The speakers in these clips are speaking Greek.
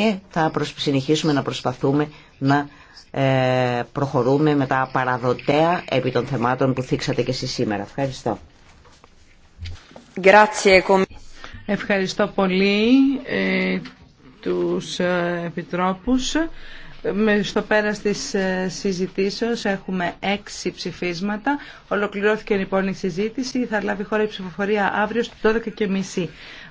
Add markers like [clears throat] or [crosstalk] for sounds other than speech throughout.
και θα συνεχίσουμε να προσπαθούμε να ε, προχωρούμε με τα παραδοτέα επί των θεμάτων που θίξατε και εσείς σήμερα. Ευχαριστώ. Ευχαριστώ πολύ ε, τους ε, επιτρόπους. Στο πέρας της ε, συζητήσεως έχουμε έξι ψηφίσματα. Ολοκληρώθηκε λοιπόν η συζήτηση. Θα λάβει χώρα η ψηφοφορία αύριο στις 12.30.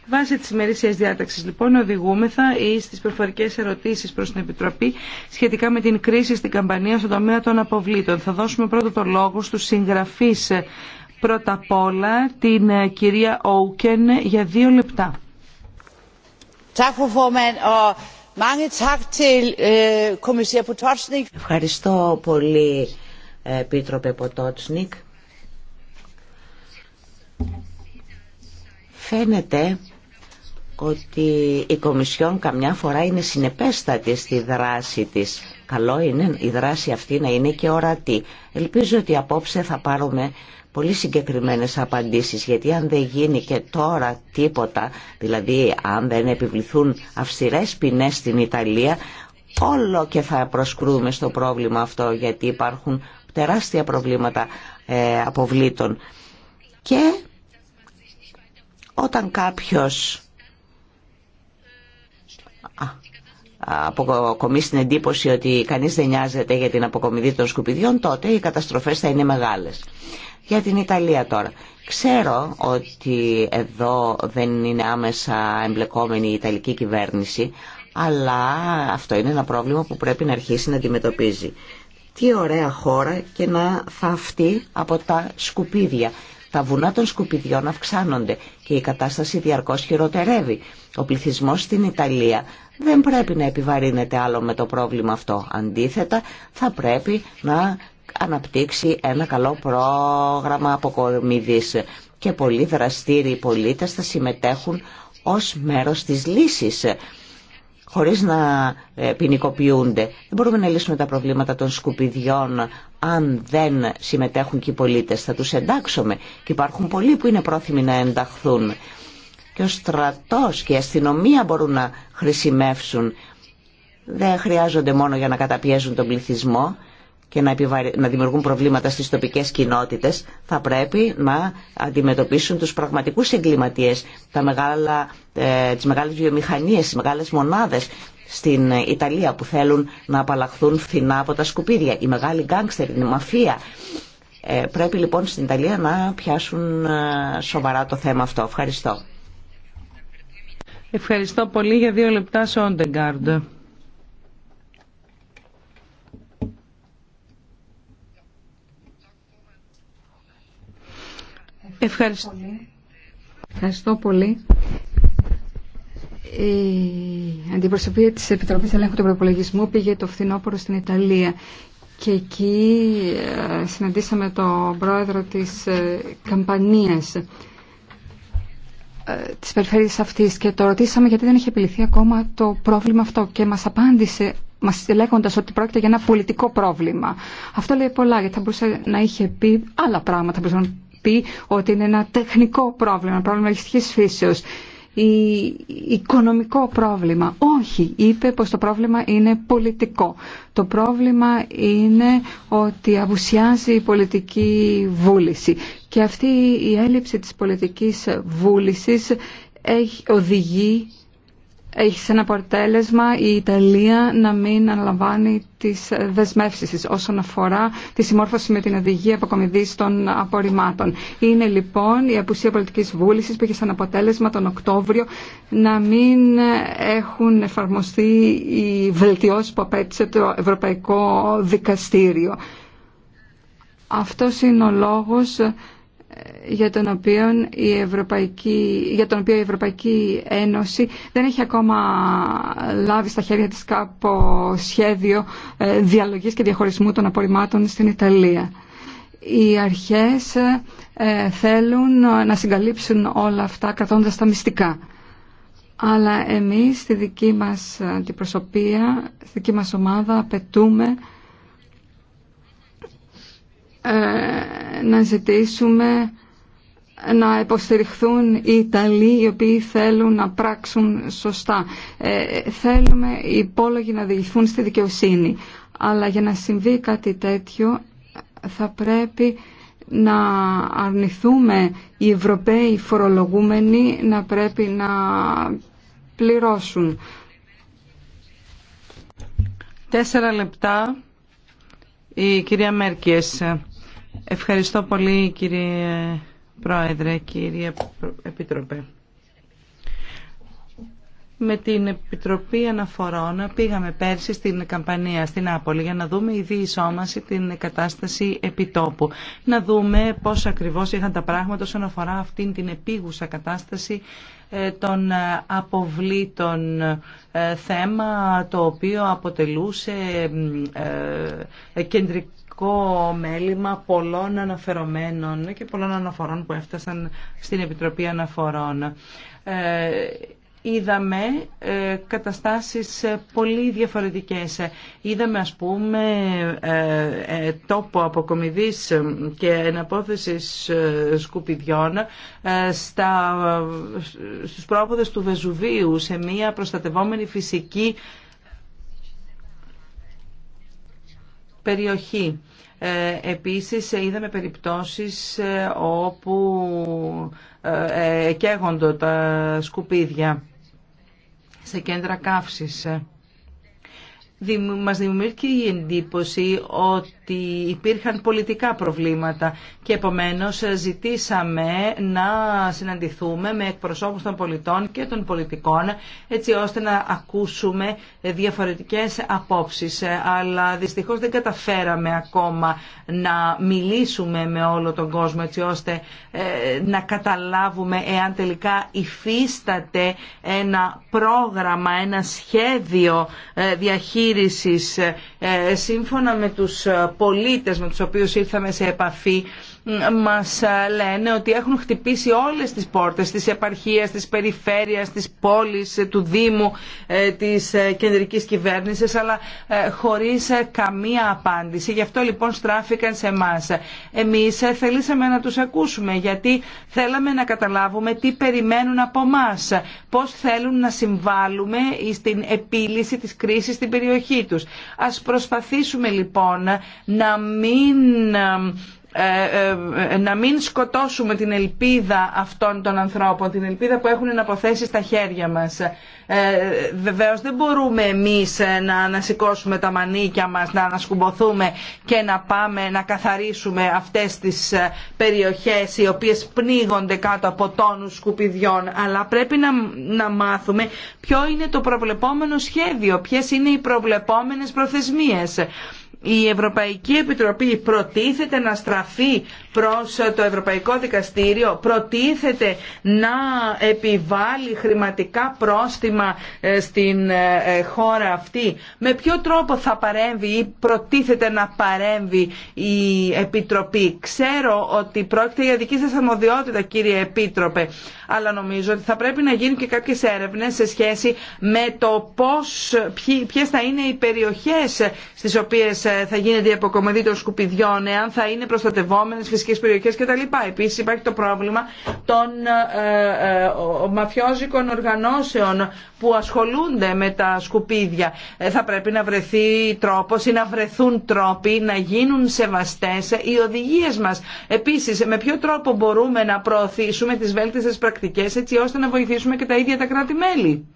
Βάσει τη ημερήσια διάταξη, λοιπόν, οδηγούμεθα ή στι προφορικέ ερωτήσει προ την Επιτροπή σχετικά με την κρίση στην Καμπανία στον τομέα των αποβλήτων. Θα δώσουμε πρώτο το λόγο στου συγγραφεί ε, πρώτα απ' όλα την ε, κυρία Όουκεν για δύο λεπτά. Ευχαριστώ πολύ, ε, Επίτροπε Ποτότσνικ. Φαίνεται ότι η Κομισιόν καμιά φορά είναι συνεπέστατη στη δράση της. Καλό είναι η δράση αυτή να είναι και ορατή. Ελπίζω ότι απόψε θα πάρουμε πολύ συγκεκριμένες απαντήσεις, γιατί αν δεν γίνει και τώρα τίποτα, δηλαδή αν δεν επιβληθούν αυστηρές ποινές στην Ιταλία, όλο και θα προσκρούμε στο πρόβλημα αυτό, γιατί υπάρχουν τεράστια προβλήματα ε, αποβλήτων. Και όταν κάποιος αποκομίσει την εντύπωση ότι κανείς δεν νοιάζεται για την αποκομιδή των σκουπιδιών, τότε οι καταστροφές θα είναι μεγάλες. Για την Ιταλία τώρα. Ξέρω ότι εδώ δεν είναι άμεσα εμπλεκόμενη η Ιταλική κυβέρνηση, αλλά αυτό είναι ένα πρόβλημα που πρέπει να αρχίσει να αντιμετωπίζει. Τι ωραία χώρα και να θαυτεί από τα σκουπίδια. Τα βουνά των σκουπιδιών αυξάνονται και η κατάσταση διαρκώς χειροτερεύει. Ο πληθυσμός στην Ιταλία δεν πρέπει να επιβαρύνεται άλλο με το πρόβλημα αυτό. Αντίθετα, θα πρέπει να αναπτύξει ένα καλό πρόγραμμα αποκομιδής. και πολλοί δραστήριοι πολίτες θα συμμετέχουν ως μέρος της λύσης χωρίς να ε, ποινικοποιούνται. Δεν μπορούμε να λύσουμε τα προβλήματα των σκουπιδιών αν δεν συμμετέχουν και οι πολίτες. Θα τους εντάξουμε και υπάρχουν πολλοί που είναι πρόθυμοι να ενταχθούν. Και ο στρατός και η αστυνομία μπορούν να χρησιμεύσουν. Δεν χρειάζονται μόνο για να καταπιέζουν τον πληθυσμό και να, να δημιουργούν προβλήματα στις τοπικές κοινότητες, θα πρέπει να αντιμετωπίσουν τους πραγματικούς εγκληματίες, τα μεγάλα, ε, τις μεγάλες βιομηχανίες, τις μεγάλες μονάδες στην Ιταλία που θέλουν να απαλλαχθούν φθηνά από τα σκουπίδια, η μεγάλη γκάγκστερ, η μαφία. Ε, πρέπει λοιπόν στην Ιταλία να πιάσουν ε, σοβαρά το θέμα αυτό. Ευχαριστώ. Ευχαριστώ πολύ για δύο λεπτά, Ευχαριστώ πολύ. Ευχαριστώ πολύ. Η αντιπροσωπεία της Επιτροπής Ελέγχου του Προπολογισμού πήγε το φθινόπωρο στην Ιταλία και εκεί ε, συναντήσαμε τον πρόεδρο της ε, Καμπανίας ε, της περιφέρειας αυτής και το ρωτήσαμε γιατί δεν είχε επιληθεί ακόμα το πρόβλημα αυτό και μας απάντησε μας λέγοντας ότι πρόκειται για ένα πολιτικό πρόβλημα. Αυτό λέει πολλά γιατί θα μπορούσε να είχε πει άλλα πράγματα που μπορούσαν πει ότι είναι ένα τεχνικό πρόβλημα, πρόβλημα λογιστικής φύσεως ή οικονομικό πρόβλημα. Όχι, είπε πως το πρόβλημα είναι πολιτικό. Το πρόβλημα είναι ότι απουσιάζει η πολιτική βούληση και αυτή η έλλειψη της πολιτικής βούλησης έχει οδηγεί έχει σαν αποτέλεσμα η Ιταλία να μην αναλαμβάνει τις δεσμεύσεις όσον αφορά τη συμμόρφωση με την οδηγία αποκομιδής των απορριμμάτων. Είναι λοιπόν η απουσία πολιτικής βούλησης που έχει σαν αποτέλεσμα τον Οκτώβριο να μην έχουν εφαρμοστεί οι βελτιώσεις που απέτυσε το Ευρωπαϊκό Δικαστήριο. Αυτός είναι ο λόγος για τον, οποίο η Ευρωπαϊκή, για τον οποίο η Ευρωπαϊκή Ένωση δεν έχει ακόμα λάβει στα χέρια της κάπο σχέδιο ε, διαλογής και διαχωρισμού των απορριμμάτων στην Ιταλία. Οι αρχές ε, θέλουν να συγκαλύψουν όλα αυτά κρατώντας τα μυστικά. Αλλά εμείς στη δική μας ε, αντιπροσωπεία, στη δική μας ομάδα απαιτούμε ε, να ζητήσουμε να υποστηριχθούν οι Ιταλοί οι οποίοι θέλουν να πράξουν σωστά. Ε, θέλουμε οι υπόλογοι να διηγηθούν στη δικαιοσύνη. Αλλά για να συμβεί κάτι τέτοιο θα πρέπει να αρνηθούμε οι Ευρωπαίοι φορολογούμενοι να πρέπει να πληρώσουν. Τέσσερα λεπτά η κυρία Μέρκιες. Ευχαριστώ πολύ κύριε Πρόεδρε, κύριε Επιτροπέ. Με την Επιτροπή Αναφορών πήγαμε πέρσι στην Καμπανία, στην Άπολη, για να δούμε η διεισόμαση την κατάσταση επιτόπου. Να δούμε πώς ακριβώς είχαν τα πράγματα όσον αφορά αυτήν την επίγουσα κατάσταση ε, των ε, αποβλήτων ε, θέμα το οποίο αποτελούσε κεντρικό σημαντικό μέλημα πολλών αναφερομένων και πολλών αναφορών που έφτασαν στην Επιτροπή Αναφορών. Ε, είδαμε ε, καταστάσεις ε, πολύ διαφορετικές. Είδαμε, ας πούμε, τόπο αποκομιδής και εναπόθεσης σκουπιδιών στα, στους πρόποδες του Βεζουβίου, σε μια προστατευόμενη φυσική περιοχή. Ε, επίσης είδαμε περιπτώσεις ε, όπου ε, καίγονται τα σκουπίδια σε κέντρα καύσης μας δημιουργήθηκε η εντύπωση ότι υπήρχαν πολιτικά προβλήματα και επομένως ζητήσαμε να συναντηθούμε με εκπροσώπους των πολιτών και των πολιτικών έτσι ώστε να ακούσουμε διαφορετικές απόψεις αλλά δυστυχώς δεν καταφέραμε ακόμα να μιλήσουμε με όλο τον κόσμο έτσι ώστε ε, να καταλάβουμε εάν τελικά υφίσταται ένα πρόγραμμα, ένα σχέδιο ε, διαχείρισης ε, σύμφωνα με τους ε, πολίτες με τους οποίους ήρθαμε σε επαφή μας ε, λένε ότι έχουν χτυπήσει όλες τις πόρτες της επαρχίας, της περιφέρειας, της πόλης, ε, του Δήμου, ε, της κεντρικής κυβέρνησης, αλλά χωρίς καμία απάντηση. Γι' αυτό λοιπόν στράφηκαν σε εμά. Εμείς θελήσαμε να τους ακούσουμε, γιατί θέλαμε να καταλάβουμε τι περιμένουν από εμά, πώς θέλουν να συμβάλλουμε στην επίλυση της κρίσης στην περιοχή τους. Ας προσπαθήσουμε λοιπόν να μην ε, ε, να μην σκοτώσουμε την ελπίδα αυτών των ανθρώπων, την ελπίδα που έχουν να αποθέσει στα χέρια μας. Ε, βεβαίως δεν μπορούμε εμείς να ανασηκώσουμε τα μανίκια μας, να ανασκουμποθούμε και να πάμε να καθαρίσουμε αυτές τις περιοχές οι οποίες πνίγονται κάτω από τόνους σκουπιδιών, αλλά πρέπει να, να μάθουμε ποιο είναι το προβλεπόμενο σχέδιο, ποιες είναι οι προβλεπόμενες προθεσμίες η Ευρωπαϊκή Επιτροπή προτίθεται να στραφεί προς το Ευρωπαϊκό Δικαστήριο προτίθεται να επιβάλλει χρηματικά πρόστιμα ε, στην ε, ε, χώρα αυτή. Με ποιο τρόπο θα παρέμβει ή προτίθεται να παρέμβει η Επιτροπή. Ξέρω ότι πρόκειται για δική σας αρμοδιότητα κύριε Επίτροπε, αλλά νομίζω ότι θα πρέπει να γίνουν και κάποιες έρευνες σε σχέση με το πώς, ποιες θα είναι οι περιοχές στις οποίες θα γίνεται η αποκομιδή των σκουπιδιών, εάν θα είναι προστατευόμενες και περιοχές κτλ. Επίσης υπάρχει το πρόβλημα των ε, ε, μαφιόζικων οργανώσεων που ασχολούνται με τα σκουπίδια. Ε, θα πρέπει να βρεθεί τρόπος ή να βρεθούν τρόποι να γίνουν σεβαστές οι οδηγίες μας. Επίσης, με ποιο τρόπο μπορούμε να προωθήσουμε τις βέλτιστες πρακτικές έτσι ώστε να βοηθήσουμε και τα ίδια τα κράτη-μέλη.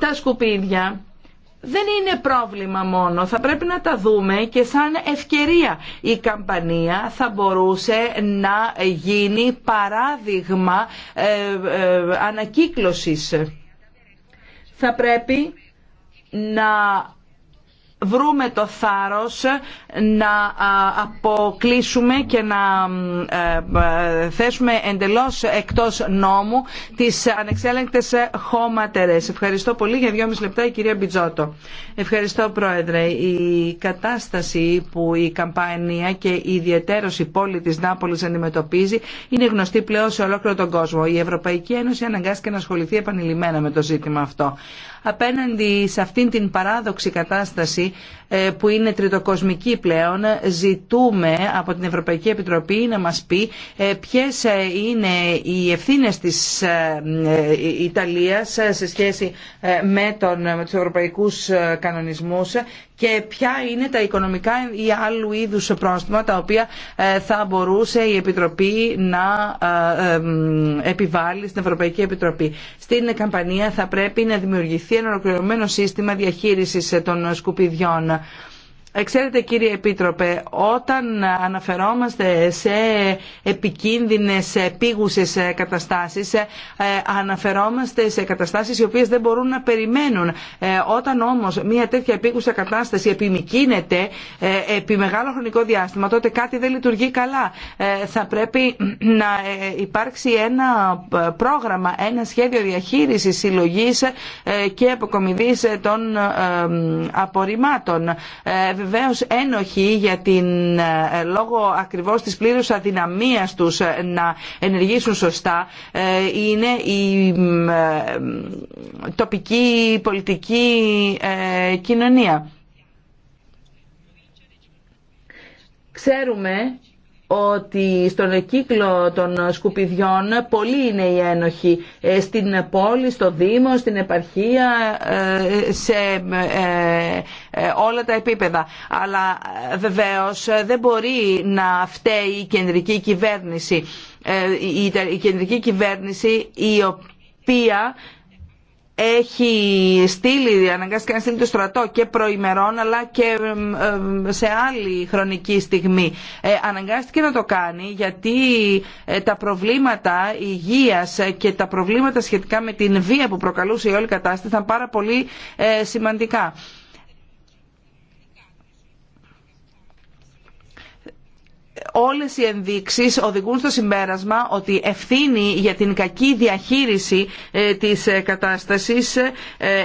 Τα σκουπίδια δεν είναι πρόβλημα μόνο, θα πρέπει να τα δούμε και σαν ευκαιρία. Η καμπανία θα μπορούσε να γίνει παράδειγμα ε, ε, ανακύκλωσης. Θα πρέπει να βρούμε το θάρρος να αποκλείσουμε και να ε, ε, θέσουμε εντελώς εκτός νόμου τις ανεξέλεγκτες χώματερες. Ευχαριστώ πολύ για δυόμιση λεπτά η κυρία Μπιτζότο. Ευχαριστώ Πρόεδρε. Η κατάσταση που η καμπάνια και η η πόλη της Νάπολης αντιμετωπίζει είναι γνωστή πλέον σε ολόκληρο τον κόσμο. Η Ευρωπαϊκή Ένωση αναγκάστηκε να ασχοληθεί επανειλημμένα με το ζήτημα αυτό απέναντι σε αυτήν την παράδοξη κατάσταση ε, που είναι τριτοκοσμική πλέον ζητούμε από την Ευρωπαϊκή Επιτροπή να μας πει ε, ποιες ε, είναι οι ευθύνες της Ιταλίας σε σχέση με, τον, με τους ευρωπαϊκούς κανονισμούς και ποια είναι τα οικονομικά ή άλλου είδους πρόστιμα τα οποία ε, θα μπορούσε η Επιτροπή να ε, επιβάλλει στην Ευρωπαϊκή Επιτροπή. Στην καμπανία θα πρέπει να δημιουργηθεί ένα ολοκληρωμένο σύστημα διαχείρισης των σκουπιδιών Ξέρετε κύριε Επίτροπε, όταν αναφερόμαστε σε επικίνδυνες επίγουσες ε, καταστάσεις, ε, ε, αναφερόμαστε σε καταστάσεις οι οποίες δεν μπορούν να περιμένουν. Όταν όμως μια τέτοια επίγουσα κατάσταση επιμικίνεται επί μεγάλο χρονικό διάστημα, τότε κάτι δεν λειτουργεί καλά. Θα πρέπει [clears throat] να υπάρξει ένα πρόγραμμα, ένα σχέδιο διαχείρισης, συλλογής και αποκομιδής των απορριμμάτων βεβαίως ένοχοι για την ε, λόγω ακριβώς της πλήρους αδυναμίας τους ε, να ενεργήσουν σωστά ε, είναι η τοπική πολιτική κοινωνία. Ξέρουμε ότι στον κύκλο των σκουπιδιών πολλοί είναι οι ένοχοι ε, στην πόλη, στο Δήμο, στην επαρχία, ε, σε ε, όλα τα επίπεδα. Αλλά βεβαίως δεν μπορεί να φταίει η κεντρική κυβέρνηση. Η κεντρική κυβέρνηση η οποία έχει στείλει, αναγκάστηκε να στείλει το στρατό και προημερών αλλά και σε άλλη χρονική στιγμή. Ε, αναγκάστηκε να το κάνει γιατί ε, τα προβλήματα υγείας και τα προβλήματα σχετικά με την βία που προκαλούσε η όλη κατάσταση ήταν πάρα πολύ ε, σημαντικά. όλες οι ενδείξεις οδηγούν στο συμπέρασμα ότι ευθύνη για την κακή διαχείριση ε, της ε, κατάστασης, ε,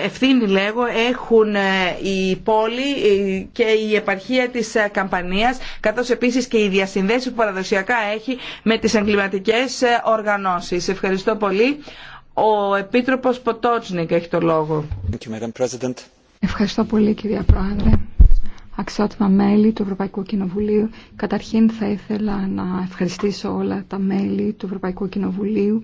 ευθύνη λέγω, έχουν η πόλη και η επαρχία της Καμπανίας, καθώς επίσης και η διασυνδέσεις που παραδοσιακά έχει με τις εγκληματικές οργανώσεις. Ευχαριστώ πολύ. Ο Επίτροπος Ποτότσνικ έχει το λόγο. Ευχαριστώ πολύ κυρία Πρόεδρε αξιότιμα μέλη του Ευρωπαϊκού Κοινοβουλίου. Καταρχήν θα ήθελα να ευχαριστήσω όλα τα μέλη του Ευρωπαϊκού Κοινοβουλίου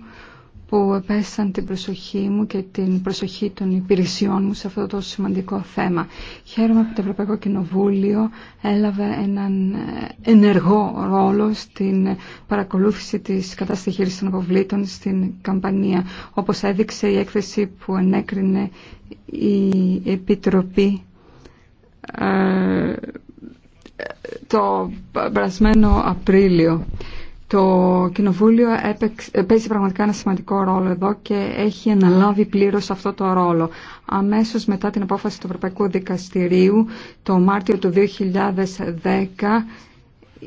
που έπεσαν την προσοχή μου και την προσοχή των υπηρεσιών μου σε αυτό το σημαντικό θέμα. Χαίρομαι που το Ευρωπαϊκό Κοινοβούλιο έλαβε έναν ενεργό ρόλο στην παρακολούθηση της κατάστασης των αποβλήτων στην Καμπανία, όπως έδειξε η έκθεση που ενέκρινε η Επιτροπή ε, το περασμένο Απρίλιο. Το Κοινοβούλιο παίζει πραγματικά ένα σημαντικό ρόλο εδώ και έχει αναλάβει πλήρως αυτό το ρόλο. Αμέσως μετά την απόφαση του Ευρωπαϊκού Δικαστηρίου το Μάρτιο του 2010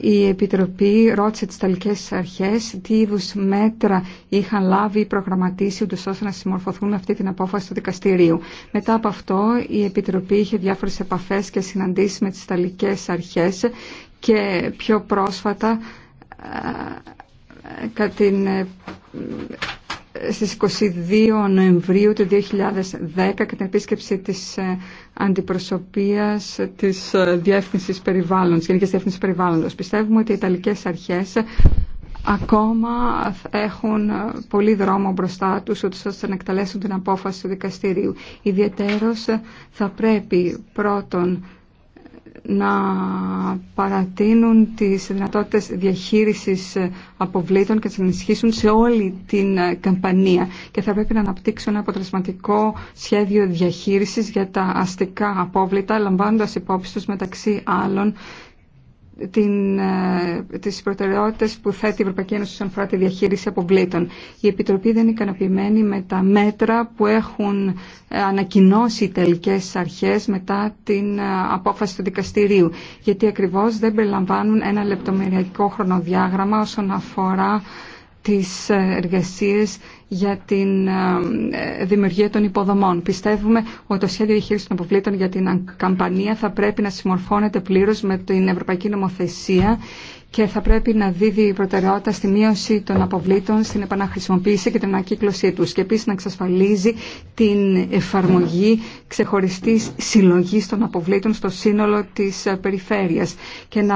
η Επιτροπή ρώτησε τις ταλικές Αρχές τι είδου μέτρα είχαν λάβει ή προγραμματίσει ούτως ώστε να συμμορφωθούν με αυτή την απόφαση του δικαστηρίου. Μετά από αυτό η Επιτροπή είχε διάφορες επαφές και συναντήσεις με τις ταλικές Αρχές και πιο πρόσφατα ε, ε, κατά την ε, στις 22 Νοεμβρίου του 2010 και την επίσκεψη της ε, αντιπροσωπείας της ε, Διεύθυνσης Περιβάλλοντος, Γενικής Διεύθυνσης Περιβάλλοντος. Πιστεύουμε ότι οι Ιταλικές αρχές ακόμα έχουν ε, πολύ δρόμο μπροστά τους ώστε να εκτελέσουν την απόφαση του δικαστηρίου. Ιδιαιτέρως θα πρέπει πρώτον να παρατείνουν τις δυνατότητες διαχείρισης αποβλήτων και να ενισχύσουν σε όλη την ε, καμπανία και θα πρέπει να αναπτύξουν ένα αποτελεσματικό σχέδιο διαχείρισης για τα αστικά απόβλητα λαμβάνοντας υπόψη τους μεταξύ άλλων την, ε, τις προτεραιότητες που θέτει η Ευρωπαϊκή Ένωση όσον αφορά τη διαχείριση αποβλήτων. Η Επιτροπή δεν είναι ικανοποιημένη με τα μέτρα που έχουν ε, ανακοινώσει οι τελικές αρχές μετά την ε, απόφαση του δικαστηρίου, γιατί ακριβώς δεν περιλαμβάνουν ένα λεπτομεριακό χρονοδιάγραμμα όσον αφορά τις εργασίες για την ε, δημιουργία των υποδομών. Πιστεύουμε ότι το σχέδιο διαχείριση των αποβλήτων για την καμπανία θα πρέπει να συμμορφώνεται πλήρω με την Ευρωπαϊκή Νομοθεσία και θα πρέπει να δίδει προτεραιότητα στη μείωση των αποβλήτων, στην επαναχρησιμοποίηση και την ανακύκλωσή τους και επίσης να εξασφαλίζει την εφαρμογή ξεχωριστής συλλογής των αποβλήτων στο σύνολο της περιφέρειας και να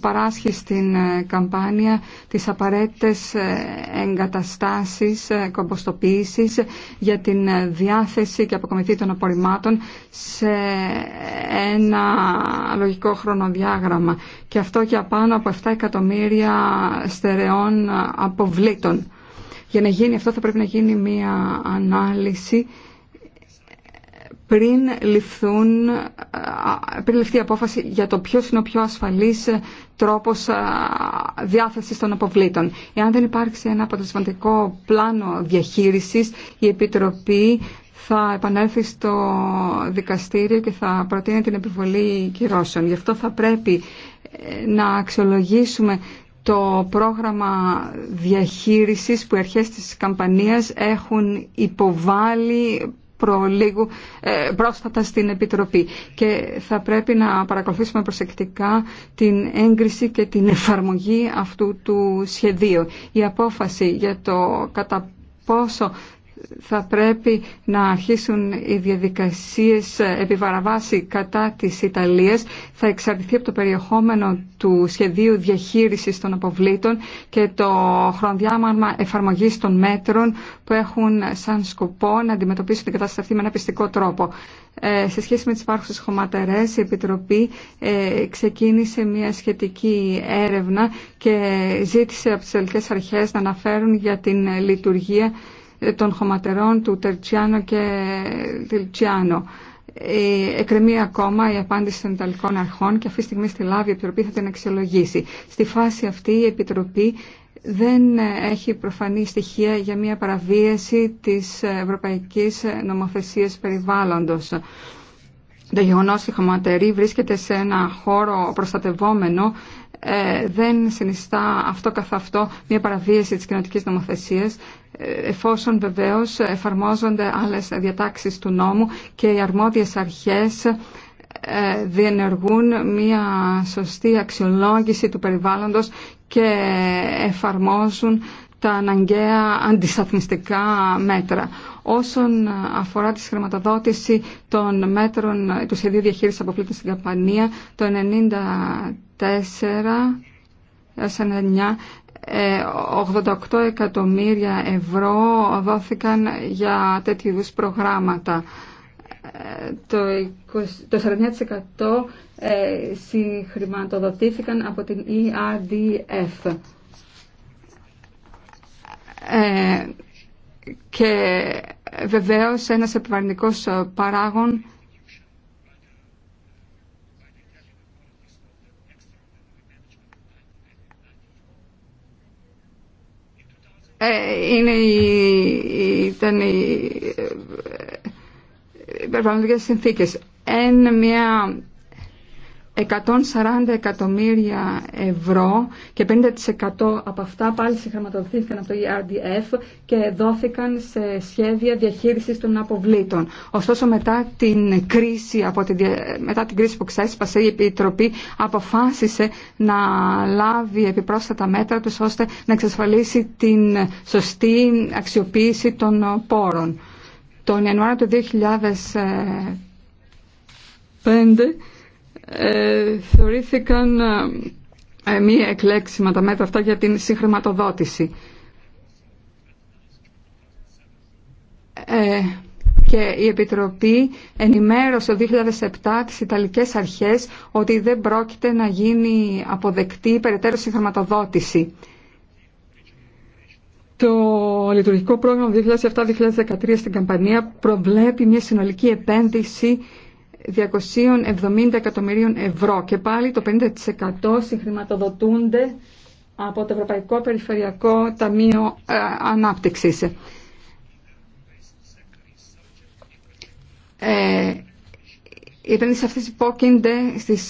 παράσχει στην καμπάνια τις απαραίτητες εγκαταστάσεις κομποστοποίησης για την διάθεση και αποκομιθή των απορριμμάτων σε ένα λογικό χρονοδιάγραμμα και αυτό για πάνω από 7 εκατομμύρια στερεών αποβλήτων. Για να γίνει αυτό θα πρέπει να γίνει μία ανάλυση πριν, ληφθούν, πριν ληφθεί η απόφαση για το ποιος είναι ο πιο ασφαλής τρόπος διάθεσης των αποβλήτων. Εάν δεν υπάρξει ένα αποτελεσματικό πλάνο διαχείρισης, η Επιτροπή θα επανέλθει στο δικαστήριο και θα προτείνει την επιβολή κυρώσεων. Γι' αυτό θα πρέπει να αξιολογήσουμε το πρόγραμμα διαχείρισης που οι αρχές της καμπανίας έχουν υποβάλει προλίγου ε, πρόσφατα στην Επιτροπή και θα πρέπει να παρακολουθήσουμε προσεκτικά την έγκριση και την εφαρμογή αυτού του σχεδίου. Η απόφαση για το κατά πόσο θα πρέπει να αρχίσουν οι διαδικασίες επιβαραβάση κατά της Ιταλίας θα εξαρτηθεί από το περιεχόμενο του σχεδίου διαχείρισης των αποβλήτων και το χρονδιάμαρμα εφαρμογής των μέτρων που έχουν σαν σκοπό να αντιμετωπίσουν την κατάσταση αυτή με ένα πιστικό τρόπο. Ε, σε σχέση με τις υπάρχουσες χωματερές, η Επιτροπή ε, ξεκίνησε μια σχετική έρευνα και ζήτησε από τις ελληνικές αρχές να αναφέρουν για την λειτουργία των χωματερών του Τερτσιάνο και Τιλτσιάνο. Ε, εκκρεμεί ακόμα η απάντηση των Ιταλικών αρχών και αυτή τη στιγμή στη Λάβη η Επιτροπή θα την αξιολογήσει. Στη φάση αυτή η Επιτροπή δεν έχει προφανή στοιχεία για μια παραβίαση της ευρωπαϊκής νομοθεσίας περιβάλλοντος. Το γεγονό ότι η χωματερή βρίσκεται σε ένα χώρο προστατευόμενο ε, δεν συνιστά αυτό καθ' αυτό μια παραβίαση της κοινωτικής νομοθεσίας ε, εφόσον βεβαίως εφαρμόζονται άλλες διατάξεις του νόμου και οι αρμόδιες αρχές ε, διενεργούν μια σωστή αξιολόγηση του περιβάλλοντος και εφαρμόζουν τα αναγκαία αντισταθμιστικά μέτρα. Όσον αφορά τη χρηματοδότηση των μέτρων του σχεδίου διαχείρισης Αποπλήτων στην Καμπανία, το 88 ε, εκατομμύρια ευρώ δόθηκαν για τέτοιου είδου προγράμματα. Ε, το, 49% ε, συγχρηματοδοτήθηκαν από την ERDF. και βεβαίως ένας επιβαρυντικός παράγων Ε, είναι η, ήταν ε, ε, οι, οι, συνθήκες. Εν μια 140 εκατομμύρια ευρώ και 50% από αυτά πάλι συγχρηματοδοτήθηκαν από το ERDF και δόθηκαν σε σχέδια διαχείρισης των αποβλήτων. Ωστόσο μετά την κρίση, από τη, μετά την κρίση που ξέσπασε η Επιτροπή αποφάσισε να λάβει επιπρόσθετα μέτρα τους ώστε να εξασφαλίσει την σωστή αξιοποίηση των πόρων. Τον Ιανουάριο του 2005 ε, θεωρήθηκαν ε, μη εκλέξιμα τα μέτρα αυτά για την συγχρηματοδότηση. Ε, και η Επιτροπή ενημέρωσε το 2007 τις Ιταλικές Αρχές ότι δεν πρόκειται να γίνει αποδεκτή περαιτέρω συγχρηματοδότηση. Το λειτουργικό πρόγραμμα 2007-2013 στην Καμπανία προβλέπει μια συνολική επένδυση 270 εκατομμυρίων ευρώ και πάλι το 50% συγχρηματοδοτούνται από το Ευρωπαϊκό Περιφερειακό Ταμείο ε, Ανάπτυξης. Ε, οι επενδύσεις αυτές υπόκεινται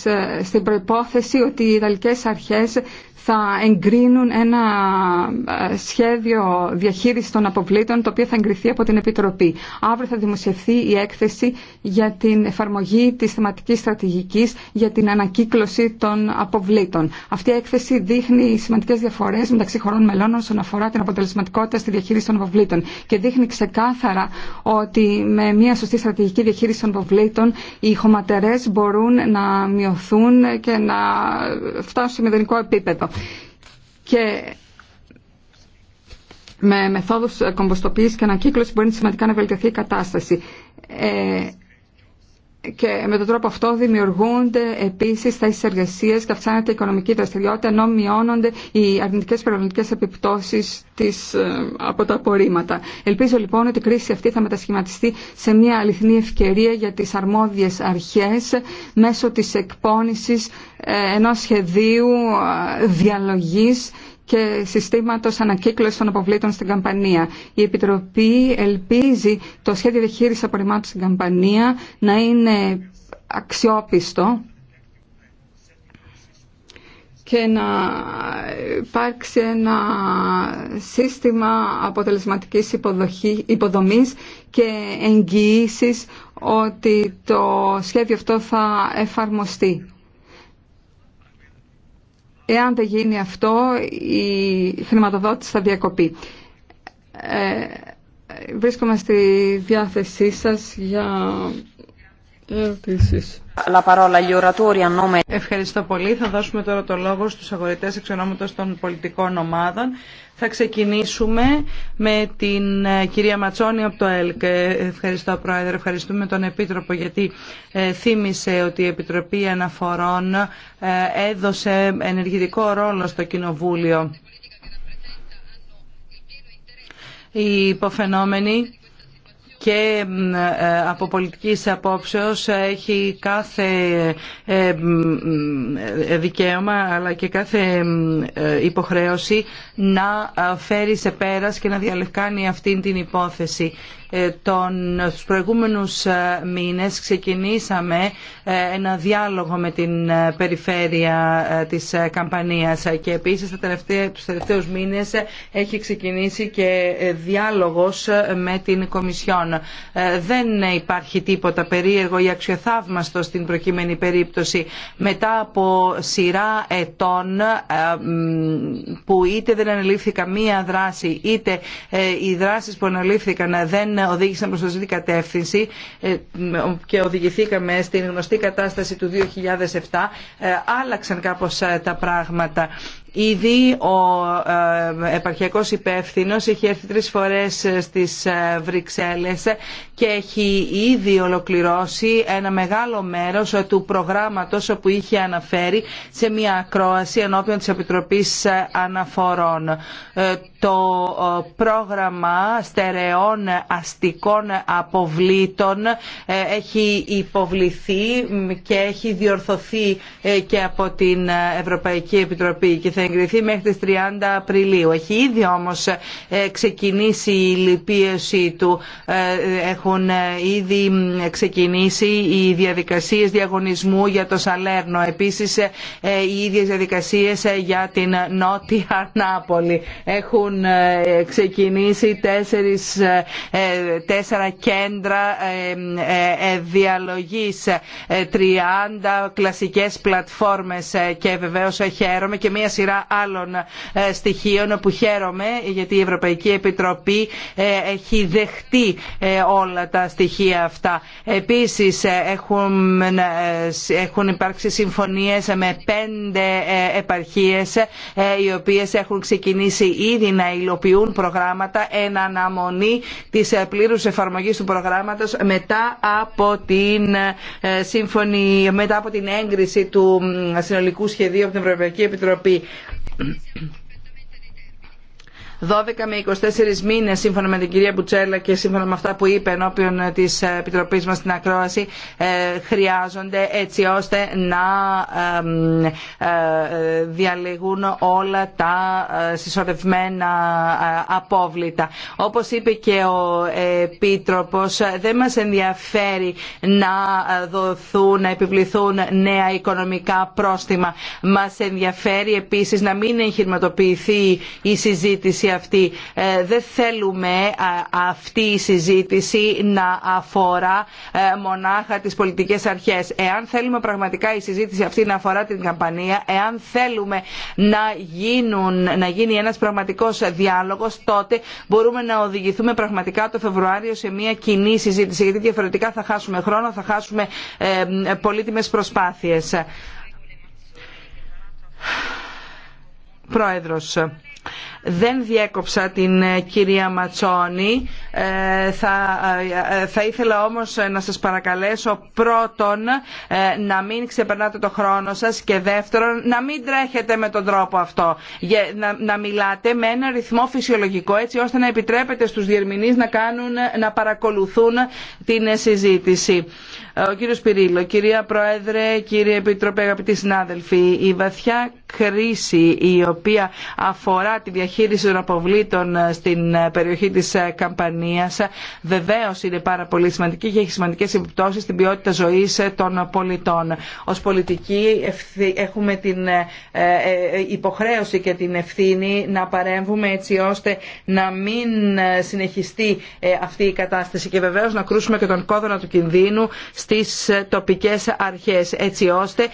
ε, στην προϋπόθεση ότι οι Ιταλικές αρχές θα εγκρίνουν ένα ε, σχέδιο διαχείρισης των αποβλήτων το οποίο θα εγκριθεί από την Επιτροπή. Αύριο θα δημοσιευθεί η έκθεση για την εφαρμογή της θεματικής στρατηγικής για την ανακύκλωση των αποβλήτων. Αυτή η έκθεση δείχνει σημαντικές διαφορές μεταξύ χωρών μελών όσον αφορά την αποτελεσματικότητα στη διαχείριση των αποβλήτων και δείχνει ξεκάθαρα ότι με μια σωστή στρατηγική διαχείριση των αποβλήτων οι χωματερές μπορούν να μειωθούν και να φτάσουν σε μηδενικό επίπεδο και με μεθόδους κομποστοποίησης και ανακύκλωση μπορεί σημαντικά να βελτιωθεί η κατάσταση. Ε, και με τον τρόπο αυτό δημιουργούνται επίση θέσει εργασία και αυξάνεται η οικονομική δραστηριότητα, ενώ μειώνονται οι αρνητικέ περιβαλλοντικέ επιπτώσει ε, από τα απορρίμματα. Ελπίζω λοιπόν ότι η κρίση αυτή θα μετασχηματιστεί σε μια αληθινή ευκαιρία για τι αρμόδιε αρχέ μέσω τη εκπόνηση ε, ενό σχεδίου ε, διαλογή και συστήματος ανακύκλωσης των αποβλήτων στην Καμπανία. Η Επιτροπή ελπίζει το σχέδιο διαχείρισης απορριμμάτων στην Καμπανία να είναι αξιόπιστο και να υπάρξει ένα σύστημα αποτελεσματικής υποδοχή, υποδομής και εγγυήσεις ότι το σχέδιο αυτό θα εφαρμοστεί. Εάν δεν γίνει αυτό, η χρηματοδότηση θα διακοπεί. Ε, βρίσκομαι στη διάθεσή σας για Ευχαριστώ πολύ. Θα δώσουμε τώρα το λόγο στους αγορητές εξονόμητος των πολιτικών ομάδων. Θα ξεκινήσουμε με την ε, κυρία Ματσόνη από το ΕΛΚ. Ε, ευχαριστώ Πρόεδρε, ευχαριστούμε τον Επίτροπο γιατί ε, θύμισε ότι η Επιτροπή Αναφορών έδωσε ενεργητικό ρόλο στο Κοινοβούλιο. Οι υποφαινόμενοι και ε, από πολιτικής απόψεως έχει κάθε ε, ε, δικαίωμα αλλά και κάθε υποχρέωση να φέρει σε πέρας και να διαλευκάνει αυτήν την υπόθεση. Ε, τον, τους προηγούμενους ε, μήνες ξεκινήσαμε ε, ένα διάλογο με την περιφέρεια της Καμπανίας και επίσης τα τους τελευταίους μήνες έχει ξεκινήσει και διάλογος με την Κομισιόν. Δεν υπάρχει τίποτα περίεργο ή αξιοθαύμαστο στην προκείμενη περίπτωση μετά από σειρά ετών που είτε δεν αναλήφθηκα μία δράση είτε οι δράσεις που αναλήφθηκαν δεν οδήγησαν προς σωστή κατεύθυνση ε, και οδηγηθήκαμε στην γνωστή κατάσταση του 2007 ε, άλλαξαν κάπως ε, τα πράγματα Ήδη ο ε, επαρχιακός υπεύθυνος έχει έρθει τρεις φορές ε, στις ε, Βρυξέλλες και έχει ήδη ολοκληρώσει ένα μεγάλο μέρος του προγράμματος που είχε αναφέρει σε μια ακρόαση ενώπιον της Επιτροπής Αναφορών. Το πρόγραμμα στερεών αστικών αποβλήτων έχει υποβληθεί και έχει διορθωθεί και από την Ευρωπαϊκή Επιτροπή θα εγκριθεί μέχρι τις 30 Απριλίου. Έχει ήδη όμως ε, ξεκινήσει η πίεση του. Ε, έχουν ε, ήδη ξεκινήσει οι διαδικασίες διαγωνισμού για το Σαλέρνο. Επίσης οι ίδιες διαδικασίες για την Νότια Νάπολη. Έχουν ξεκινήσει τέσσερις, τέσσερα κέντρα διαλογής, 30 κλασικές πλατφόρμες και βεβαίως χαίρομαι και μια σειρά σειρά άλλων ε, στοιχείων που χαίρομαι γιατί η Ευρωπαϊκή Επιτροπή ε, έχει δεχτεί ε, όλα τα στοιχεία αυτά. Επίσης έχουν, έχουν υπάρξει συμφωνίες με πέντε επαρχίες οι οποίες έχουν ξεκινήσει ήδη να υλοποιούν προγράμματα εν αναμονή της πλήρους εφαρμογής του προγράμματος μετά από την συμφωνία, μετά από την έγκριση του συνολικού σχεδίου από την Ευρωπαϊκή Επιτροπή. Υπότιτλοι Authorwave 12 με 24 μήνες σύμφωνα με την κυρία Μπουτσέλα και σύμφωνα με αυτά που είπε ενώπιον ε, τη ε, επιτροπή μα στην Ακρόαση ε, χρειάζονται έτσι ώστε να διαλεγούν όλα τα συσσωρευμένα απόβλητα. Όπως είπε και ο επίτροπο, δεν μας ενδιαφέρει να δοθούν, να επιβληθούν νέα οικονομικά πρόστιμα. Μας ενδιαφέρει επίσης να μην εγχειρηματοποιηθεί η συζήτηση αυτή. Ε, δεν θέλουμε ε, αυτή η συζήτηση να αφορά ε, μονάχα τις πολιτικές αρχές. Εάν θέλουμε πραγματικά η συζήτηση αυτή να αφορά την καμπανία, εάν θέλουμε να, γίνουν, να γίνει ένας πραγματικός διάλογος, τότε μπορούμε να οδηγηθούμε πραγματικά το Φεβρουάριο σε μια κοινή συζήτηση, γιατί διαφορετικά θα χάσουμε χρόνο, θα χάσουμε πολύτιμες προσπάθειες. Πρόεδρος, δεν διέκοψα την ε, κυρία Ματσόνη. Ε, ε, θα, ήθελα όμως να σας παρακαλέσω πρώτον να μην ξεπερνάτε το χρόνο σας και δεύτερον να μην τρέχετε με τον τρόπο αυτό. Να, να μιλάτε με ένα ρυθμό φυσιολογικό έτσι ώστε να επιτρέπετε στους διερμηνείς να, κάνουν, να παρακολουθούν την συζήτηση. Ο κύριο Πυρίλο, κυρία Πρόεδρε, κύριε Επιτροπέ, αγαπητοί συνάδελφοι, η βαθιά κρίση η οποία αφορά τη διαχείριση διαχείριση των αποβλήτων ε, στην ε, περιοχή τη ε, Καμπανίας Βεβαίω είναι πάρα πολύ σημαντική και έχει σημαντικέ επιπτώσει στην ποιότητα ζωή των πολιτών. Ω πολιτικοί έχουμε την υποχρέωση και την ευθύνη να παρέμβουμε έτσι ώστε να μην συνεχιστεί αυτή η κατάσταση και βεβαίω να κρούσουμε και τον κόδωνα του κινδύνου στι τοπικέ αρχέ, έτσι ώστε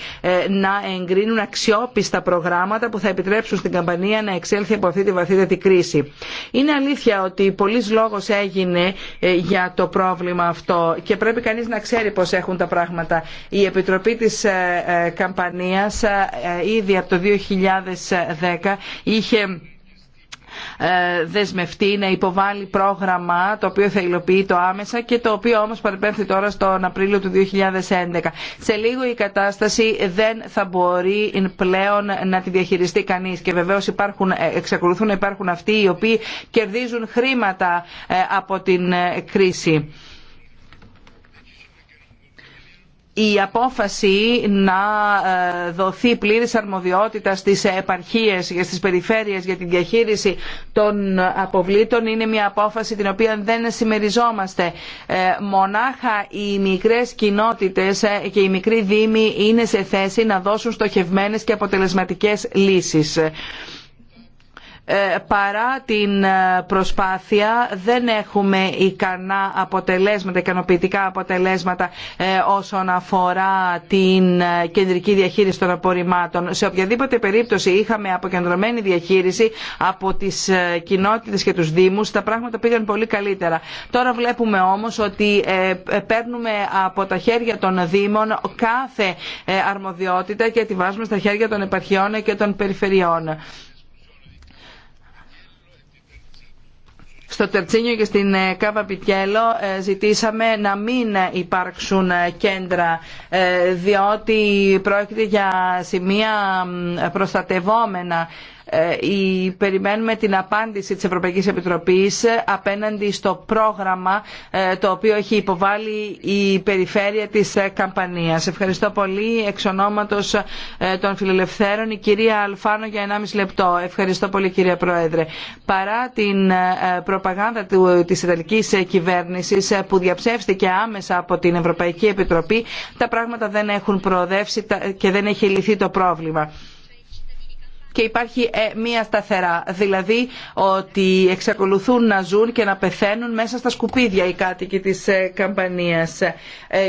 να εγκρίνουν αξιόπιστα προγράμματα που θα επιτρέψουν στην Καμπανία να εξέλθει από αυτή τη βαθύτατη κρίση. Είναι αλήθεια ότι πολλή λόγος έγινε ε, για το πρόβλημα αυτό και πρέπει κανείς να ξέρει πώς έχουν τα πράγματα. Η Επιτροπή της ε, ε, Καμπανίας ήδη από το 2010 είχε ε, δεσμευτεί να υποβάλει πρόγραμμα το οποίο θα υλοποιεί το άμεσα και το οποίο όμως παρεπέμφθη τώρα στον Απρίλιο του 2011. Σε λίγο η κατάσταση δεν θα μπορεί πλέον να τη διαχειριστεί κανείς και βεβαίως υπάρχουν, ε, εξακολουθούν να υπάρχουν αυτοί οι οποίοι κερδίζουν χρήματα ε, από την κρίση η απόφαση να ε, δοθεί πλήρης αρμοδιότητα στις επαρχίες και στις περιφέρειες για την διαχείριση των αποβλήτων είναι μια απόφαση την οποία δεν συμμεριζόμαστε. Ε, μονάχα οι μικρές κοινότητες ε, και οι μικροί δήμοι είναι σε θέση να δώσουν στοχευμένες και αποτελεσματικές λύσεις. Ε, παρά την ε, προσπάθεια δεν έχουμε ικανά αποτελέσματα, ικανοποιητικά αποτελέσματα ε, όσον αφορά την κεντρική διαχείριση των απορριμμάτων. Σε οποιαδήποτε περίπτωση είχαμε αποκεντρωμένη διαχείριση από τις κοινότητες και τους Δήμους, τα πράγματα πήγαν πολύ καλύτερα. Τώρα βλέπουμε όμως ότι παίρνουμε από τα χέρια των Δήμων κάθε αρμοδιότητα και τη βάζουμε στα χέρια των επαρχιών και των περιφερειών. στο Τερτσίνιο και στην ε, Κάβα Πιτιέλο ε, ζητήσαμε να μην υπάρξουν κέντρα ε, διότι πρόκειται για σημεία προστατευόμενα η, περιμένουμε την απάντηση της Ευρωπαϊκής Επιτροπής απέναντι στο πρόγραμμα το οποίο έχει υποβάλει η περιφέρεια της Καμπανίας. Ευχαριστώ πολύ εξ ονόματος των φιλελευθέρων η κυρία Αλφάνο για 1,5 λεπτό. Ευχαριστώ πολύ κυρία Πρόεδρε. Παρά την προπαγάνδα της Ιταλικής κυβέρνησης ε, που διαψεύστηκε άμεσα από την Ευρωπαϊκή Επιτροπή τα πράγματα δεν έχουν προοδεύσει και δεν έχει λυθεί το πρόβλημα και υπάρχει ε, μία σταθερά. Δηλαδή ότι εξακολουθούν να ζουν και να πεθαίνουν μέσα στα σκουπίδια οι κάτοικοι της ε, Καμπανίας. Ε,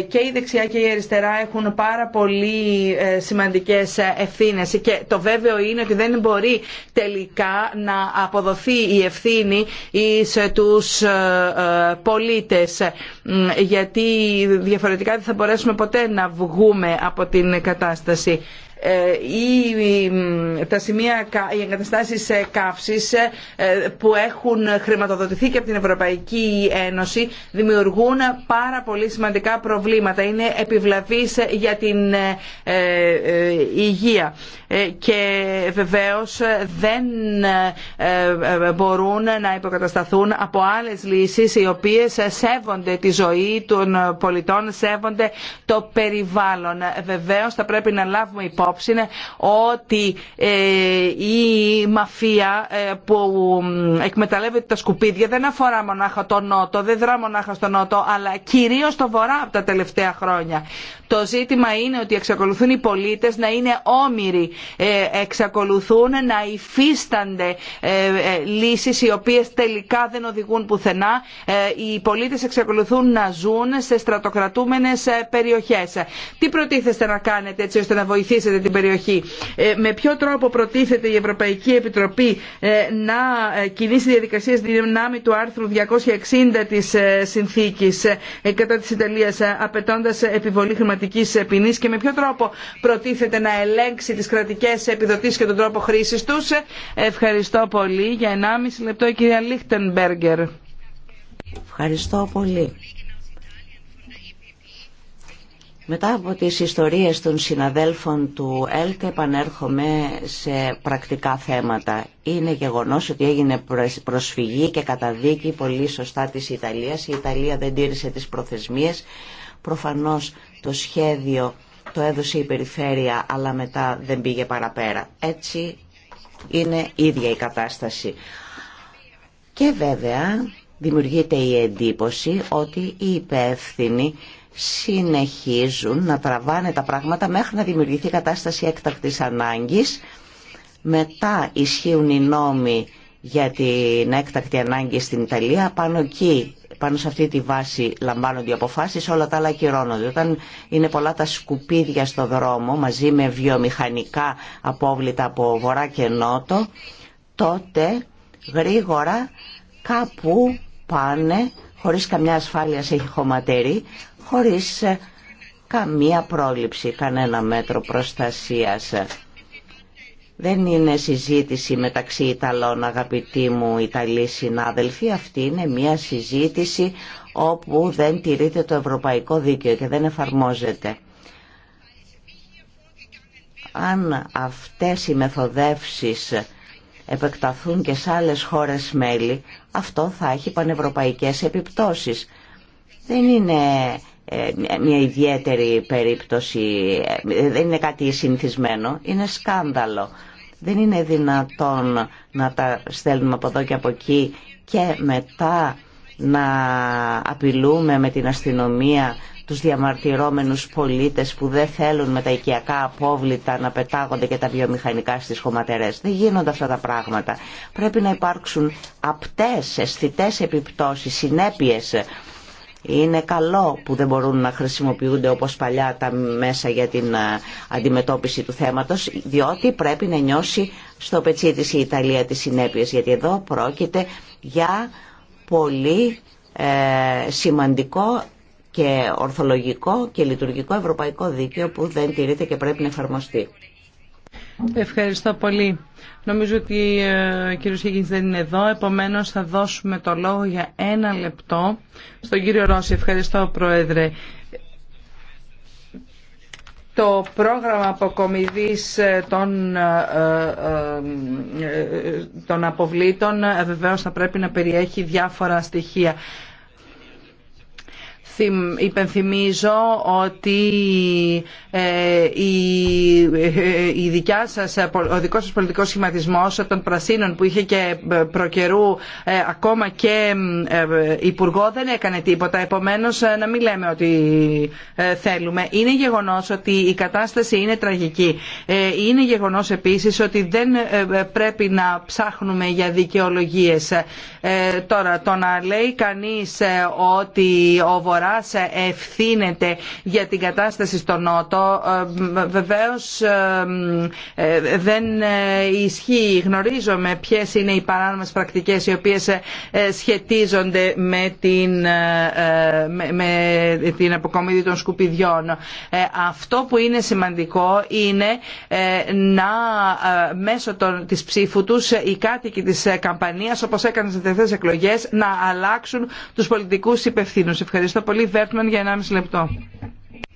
και η δεξιά και η αριστερά έχουν πάρα πολύ σημαντικές ευθύνες και το βέβαιο είναι ότι δεν μπορεί τελικά να αποδοθεί η ευθύνη εις τους πολίτες γιατί διαφορετικά δεν θα μπορέσουμε ποτέ να βγούμε από την κατάσταση ή ε, τα σημεία, οι εγκαταστάσεις ε, καύσης ε, που έχουν χρηματοδοτηθεί και από την Ευρωπαϊκή Ένωση δημιουργούν πάρα πολύ σημαντικά προβλήματα. Είναι επιβλαβής για την υγεία και βεβαίως δεν μπορούν να υποκατασταθούν από άλλες λύσεις οι οποίες σέβονται τη ζωή των πολιτών, σέβονται το περιβάλλον. Βεβαίως θα πρέπει να λάβουμε είναι ότι ε, η μαφία ε, που εκμεταλλεύεται τα σκουπίδια δεν αφορά μονάχα τον Νότο, δεν δρά μονάχα στον Νότο, αλλά κυρίως το Βορρά από τα τελευταία χρόνια. Το ζήτημα είναι ότι εξακολουθούν οι πολίτες να είναι όμοιροι, ε, εξακολουθούν να υφίστανται ε, ε, λύσεις οι οποίες τελικά δεν οδηγούν πουθενά. Οι πολίτες εξακολουθούν να ζουν σε στρατοκρατούμενες περιοχές. Τι προτίθεστε να κάνετε έτσι ώστε να βοηθήσετε την περιοχή. Με ποιο τρόπο προτίθεται η Ευρωπαϊκή Επιτροπή να κινήσει διαδικασίες δυνάμει του άρθρου 260 της συνθήκης κατά της Ιταλίας απαιτώντας επιβολή χρηματικών κρατικής ποινή και με ποιο τρόπο προτίθεται να ελέγξει τις κρατικές επιδοτήσεις και τον τρόπο χρήσης τους. Ευχαριστώ πολύ. Για 1,5 λεπτό η κυρία Λίχτενμπέργκερ. Ευχαριστώ πολύ. Μετά από τις ιστορίες των συναδέλφων του έλτε επανέρχομαι σε πρακτικά θέματα. Είναι γεγονός ότι έγινε προσφυγή και καταδίκη πολύ σωστά της Ιταλίας. Η Ιταλία δεν τήρησε τις προθεσμίες. Προφανώς το σχέδιο το έδωσε η περιφέρεια αλλά μετά δεν πήγε παραπέρα. Έτσι είναι ίδια η κατάσταση. Και βέβαια δημιουργείται η εντύπωση ότι οι υπεύθυνοι συνεχίζουν να τραβάνε τα πράγματα μέχρι να δημιουργηθεί κατάσταση έκτακτης ανάγκης. Μετά ισχύουν οι νόμοι για την έκτακτη ανάγκη στην Ιταλία, πάνω εκεί πάνω σε αυτή τη βάση λαμβάνονται οι αποφάσεις, όλα τα άλλα ακυρώνονται. Όταν είναι πολλά τα σκουπίδια στο δρόμο μαζί με βιομηχανικά απόβλητα από βορρά και νότο, τότε γρήγορα κάπου πάνε χωρίς καμιά ασφάλεια σε χωματερή, χωρίς ε, καμία πρόληψη, κανένα μέτρο προστασίας. Δεν είναι συζήτηση μεταξύ Ιταλών αγαπητοί μου Ιταλοί συνάδελφοι, αυτή είναι μια συζήτηση όπου δεν τηρείται το ευρωπαϊκό δίκαιο και δεν εφαρμόζεται. Αν αυτές οι μεθοδεύσεις επεκταθούν και σε άλλες χώρες μέλη, αυτό θα έχει πανευρωπαϊκές επιπτώσεις. Δεν είναι ε, μια ιδιαίτερη περίπτωση, ε, δεν είναι κάτι συνηθισμένο, είναι σκάνδαλο. Δεν είναι δυνατόν να τα στέλνουμε από εδώ και από εκεί και μετά να απειλούμε με την αστυνομία τους διαμαρτυρώμενους πολίτες που δεν θέλουν με τα οικιακά απόβλητα να πετάγονται και τα βιομηχανικά στις χωματερές. Δεν γίνονται αυτά τα πράγματα. Πρέπει να υπάρξουν απτές, αισθητές επιπτώσεις, συνέπειες είναι καλό που δεν μπορούν να χρησιμοποιούνται όπως παλιά τα μέσα για την ε, αντιμετώπιση του θέματος, διότι πρέπει να νιώσει στο πετσί της η Ιταλία τις συνέπειες, γιατί εδώ πρόκειται για πολύ ε, σημαντικό και ορθολογικό και λειτουργικό ευρωπαϊκό δίκαιο που δεν τηρείται και πρέπει να εφαρμοστεί. Ευχαριστώ πολύ. Νομίζω ότι ο ε, κύριος Χίγγινς δεν είναι εδώ, επομένως θα δώσουμε το λόγο για ένα λεπτό στον κύριο Ρώση. Ευχαριστώ, Πρόεδρε. Το πρόγραμμα αποκομιδής ε, των, ε, των αποβλήτων βεβαίως θα πρέπει να περιέχει διάφορα στοιχεία υπενθυμίζω ότι ε, ε, η, δικιά σας, ε, ο δικός σας πολιτικός σχηματισμός των Πρασίνων που είχε και προκαιρού ακόμα και υπουργό δεν έκανε τίποτα. Επομένως να μην λέμε ότι θέλουμε. Είναι γεγονός ότι η κατάσταση είναι τραγική. είναι γεγονός επίσης ότι δεν πρέπει να ψάχνουμε για δικαιολογίες. τώρα το να λέει κανείς ότι ο Βορρά ευθύνεται για την κατάσταση στο Νότο ε, βεβαίως ε, ε, δεν ισχύει. Γνωρίζομαι ποιες είναι οι παράνομες πρακτικές οι οποίες σχετίζονται με την, με την αποκομίδη των σκουπιδιών. Αυτό που είναι σημαντικό είναι να μέσω των, της ψήφου τους οι κάτοικοι της Καμπανίας όπως έκαναν σε τελευταίες εκλογές να αλλάξουν τους πολιτικούς υπευθύνους. Ευχαριστώ πολύ για 1,5 λεπτό.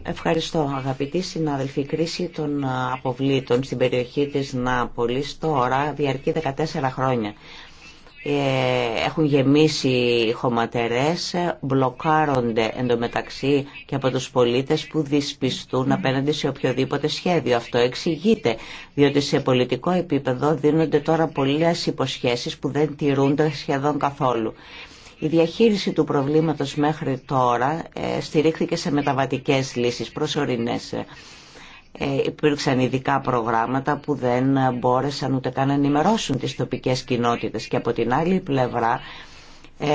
Ευχαριστώ αγαπητοί συνάδελφοι. Η κρίση των αποβλήτων στην περιοχή της Νάπολης τώρα διαρκεί 14 χρόνια. Ε, έχουν γεμίσει οι χωματερές, μπλοκάρονται εντωμεταξύ και από τους πολίτες που δυσπιστούν απέναντι σε οποιοδήποτε σχέδιο. Αυτό εξηγείται, διότι σε πολιτικό επίπεδο δίνονται τώρα πολλές υποσχέσεις που δεν τηρούνται σχεδόν καθόλου. Η διαχείριση του προβλήματος μέχρι τώρα ε, στηρίχθηκε σε μεταβατικές λύσεις προσωρινές. Ε, ε, υπήρξαν ειδικά προγράμματα που δεν μπόρεσαν ούτε καν να ενημερώσουν τις τοπικές κοινότητες και από την άλλη πλευρά ε,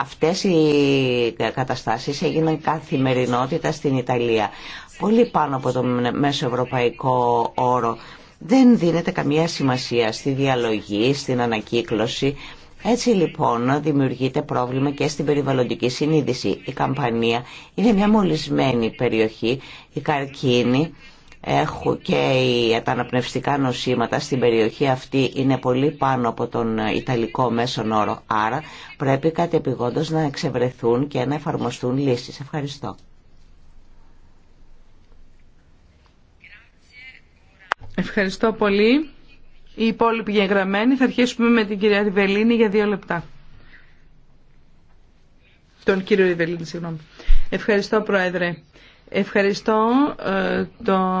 αυτές οι καταστάσεις έγιναν καθημερινότητα στην Ιταλία. Πολύ πάνω από το μέσο ευρωπαϊκό όρο. Δεν δίνεται καμία σημασία στη διαλογή, στην ανακύκλωση. Έτσι λοιπόν δημιουργείται πρόβλημα και στην περιβαλλοντική συνείδηση. Η Καμπανία είναι μια μολυσμένη περιοχή, η καρκίνη έχουν και τα αναπνευστικά νοσήματα στην περιοχή αυτή είναι πολύ πάνω από τον Ιταλικό μέσον όρο. Άρα πρέπει κατεπηγόντως να εξευρεθούν και να εφαρμοστούν λύσεις. Ευχαριστώ. Ευχαριστώ πολύ οι υπόλοιποι γεγραμμένοι. Θα αρχίσουμε με την κυρία Ριβελίνη για δύο λεπτά. Τον κύριο Ριβελίνη, συγγνώμη. Ευχαριστώ, Πρόεδρε. Ευχαριστώ ε, το,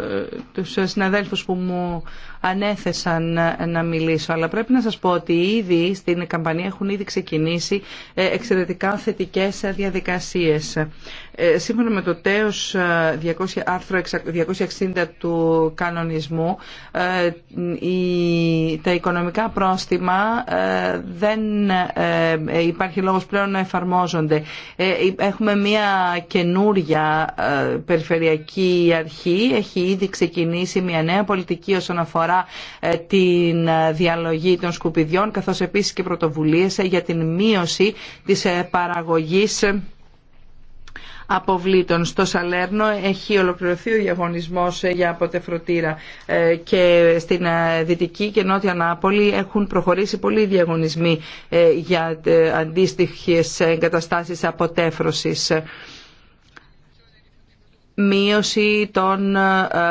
ε, τους συναδέλφους που μου ανέθεσαν ε, να μιλήσω, αλλά πρέπει να σας πω ότι ήδη στην καμπανία έχουν ήδη ξεκινήσει εξαιρετικά θετικές διαδικασίες. Σύμφωνα με το τέος 200, άρθρο 260 του κανονισμού, τα οικονομικά πρόστιμα δεν υπάρχει λόγος πλέον να εφαρμόζονται. Έχουμε μια καινούρια ε, περιφερειακή Αρχή έχει ήδη ξεκινήσει μια νέα πολιτική όσον αφορά ε, την ε, διαλογή των σκουπιδιών καθώς επίσης και πρωτοβουλίες για την μείωση της παραγωγής αποβλήτων. Στο Σαλέρνο έχει ολοκληρωθεί ο διαγωνισμός για αποτεφρωτήρα και στην Δυτική και Νότια Νάπολη έχουν προχωρήσει πολλοί διαγωνισμοί για αντίστοιχες εγκαταστάσεις αποτέφρωσης μείωση των ε,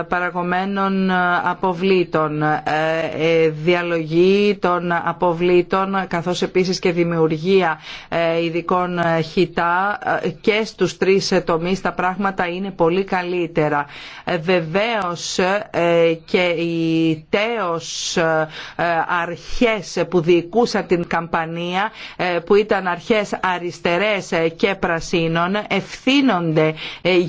παραγωμένων ε, αποβλήτων, ε, διαλογή των αποβλήτων, καθώς επίσης και δημιουργία ειδικών χιτά και στους τρεις τομείς τα πράγματα είναι πολύ καλύτερα. Βεβαίως και οι τέος αρχές που διοικούσαν την καμπανία, που ήταν αρχές αριστερές και πρασίνων, ευθύνονται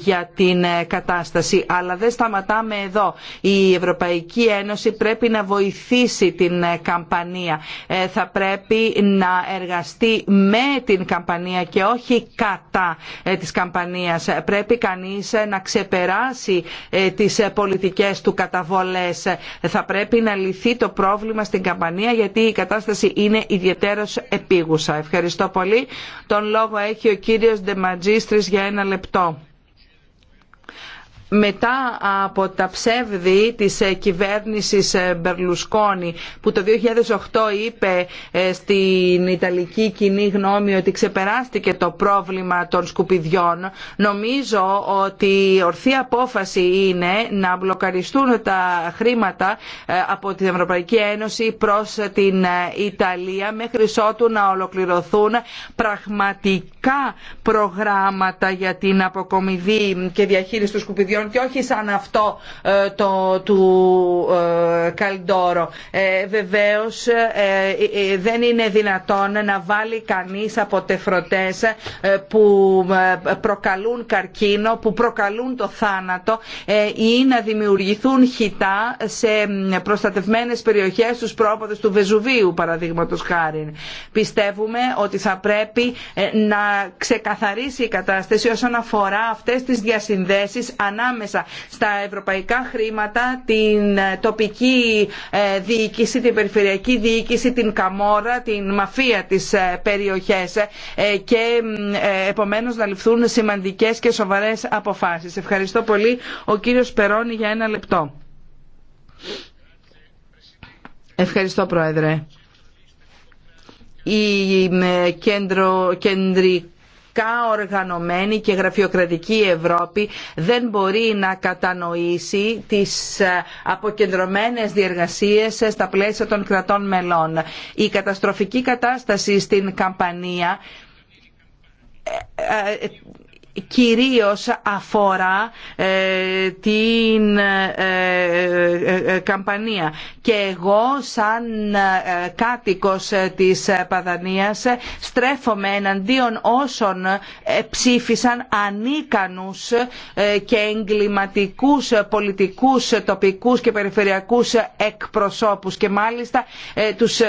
για την κατάσταση. Αλλά δεν σταματάμε εδώ. Η Ευρωπαϊκή Ένωση πρέπει να βοηθήσει την ε, Καμπανία. Ε, θα πρέπει να εργαστεί με την Καμπανία και όχι κατά ε, της Καμπανίας. Πρέπει κανείς να ξεπεράσει τις πολιτικές του καταβολές. Θα πρέπει να λυθεί το πρόβλημα στην Καμπανία γιατί η κατάσταση είναι ιδιαίτερος επίγουσα. Ευχαριστώ πολύ. Τον λόγο έχει ο κύριος Ντεματζίστρης για ένα λεπτό μετά από τα ψεύδη της ε, κυβέρνησης ε, Μπερλουσκόνη που το 2008 είπε ε, στην Ιταλική κοινή γνώμη ότι ξεπεράστηκε το πρόβλημα των σκουπιδιών νομίζω ότι η ορθή απόφαση είναι να μπλοκαριστούν τα χρήματα από την Ευρωπαϊκή Ένωση προς την Ιταλία μέχρι ότου να ολοκληρωθούν πραγματικά προγράμματα για την αποκομιδή και διαχείριση των σκουπιδιών και όχι σαν αυτό ε, το, του ε, Καλντόρο. Ε, βεβαίως δεν είναι δυνατόν να βάλει κανείς από ε, που προκαλούν καρκίνο, που προκαλούν το θάνατο ή να δημιουργηθούν χιτά σε προστατευμένες περιοχές στους πρόποδες του Βεζουβίου παραδείγματος χάρη. Πιστεύουμε ότι θα πρέπει να ξεκαθαρίσει η κατάσταση όσον αφορά αυτές τις διασυνδέσεις στα ευρωπαϊκά χρήματα, την τοπική ε, διοίκηση, την περιφερειακή διοίκηση, την καμόρα, την μαφία της ε, περιοχές ε, και επομένως να ληφθούν σημαντικές και σοβαρές αποφάσεις. Ευχαριστώ πολύ. Ο κύριος Περόνι για ένα λεπτό. Ευχαριστώ Πρόεδρε. Η κέντρο, κεντρική οργανωμένη και γραφειοκρατική Ευρώπη δεν μπορεί να κατανοήσει τις ε, αποκεντρωμένες διεργασίες ε, στα πλαίσια των κρατών μελών. Η καταστροφική κατάσταση στην Καμπανία ε, κυρίως αφορά ε, την ε, ε, Καμπανία. Και εγώ σαν κάτοικος της Παδανίας στρέφομαι εναντίον όσων ψήφισαν ανίκανους και εγκληματικούς πολιτικούς, τοπικούς και περιφερειακούς εκπροσώπους και μάλιστα τους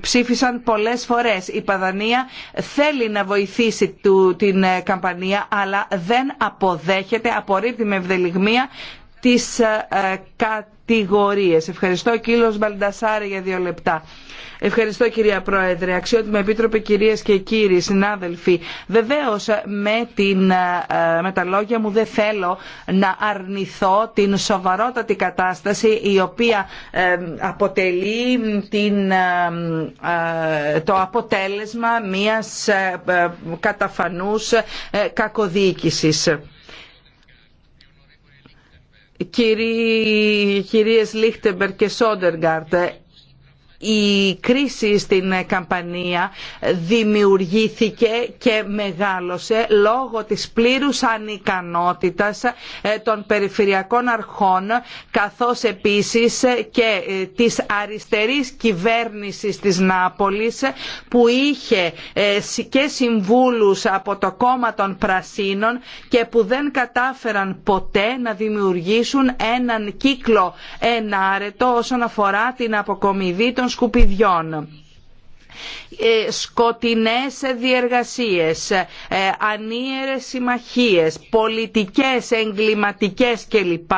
ψήφισαν πολλές φορές. Η Παδανία θέλει να βοηθήσει την Καμπανία αλλά δεν αποδέχεται, απορρίπτει με ευδελιγμία τις ε, ε, κατηγορίες. Ευχαριστώ κύριος Μπαλντασάρη για δύο λεπτά. Ευχαριστώ κυρία Πρόεδρε, αξιότιμη επίτροπε κυρίε και κύριοι συνάδελφοι. βεβαίω, με, την, ε, με τα λόγια μου δεν θέλω να αρνηθώ την σοβαρότατη κατάσταση η οποία ε, αποτελεί την, ε, το αποτέλεσμα μιας καταφανούς κακοδιοίκησης κυρίες Λίχτεμπερ και Σόντεργαρντ η κρίση στην καμπανία δημιουργήθηκε και μεγάλωσε λόγω της πλήρους ανικανότητας ε, των περιφερειακών αρχών καθώς επίσης ε, και ε, της αριστερής κυβέρνησης της Νάπολης που είχε και συμβούλους από το κόμμα των Πρασίνων και που δεν κατάφεραν ποτέ να δημιουργήσουν έναν κύκλο ενάρετο όσον αφορά την αποκομιδή των σκουπιδιών ε, σκοτεινές διεργασίες, ε, ανίερες συμμαχίες, πολιτικές, εγκληματικές κλπ.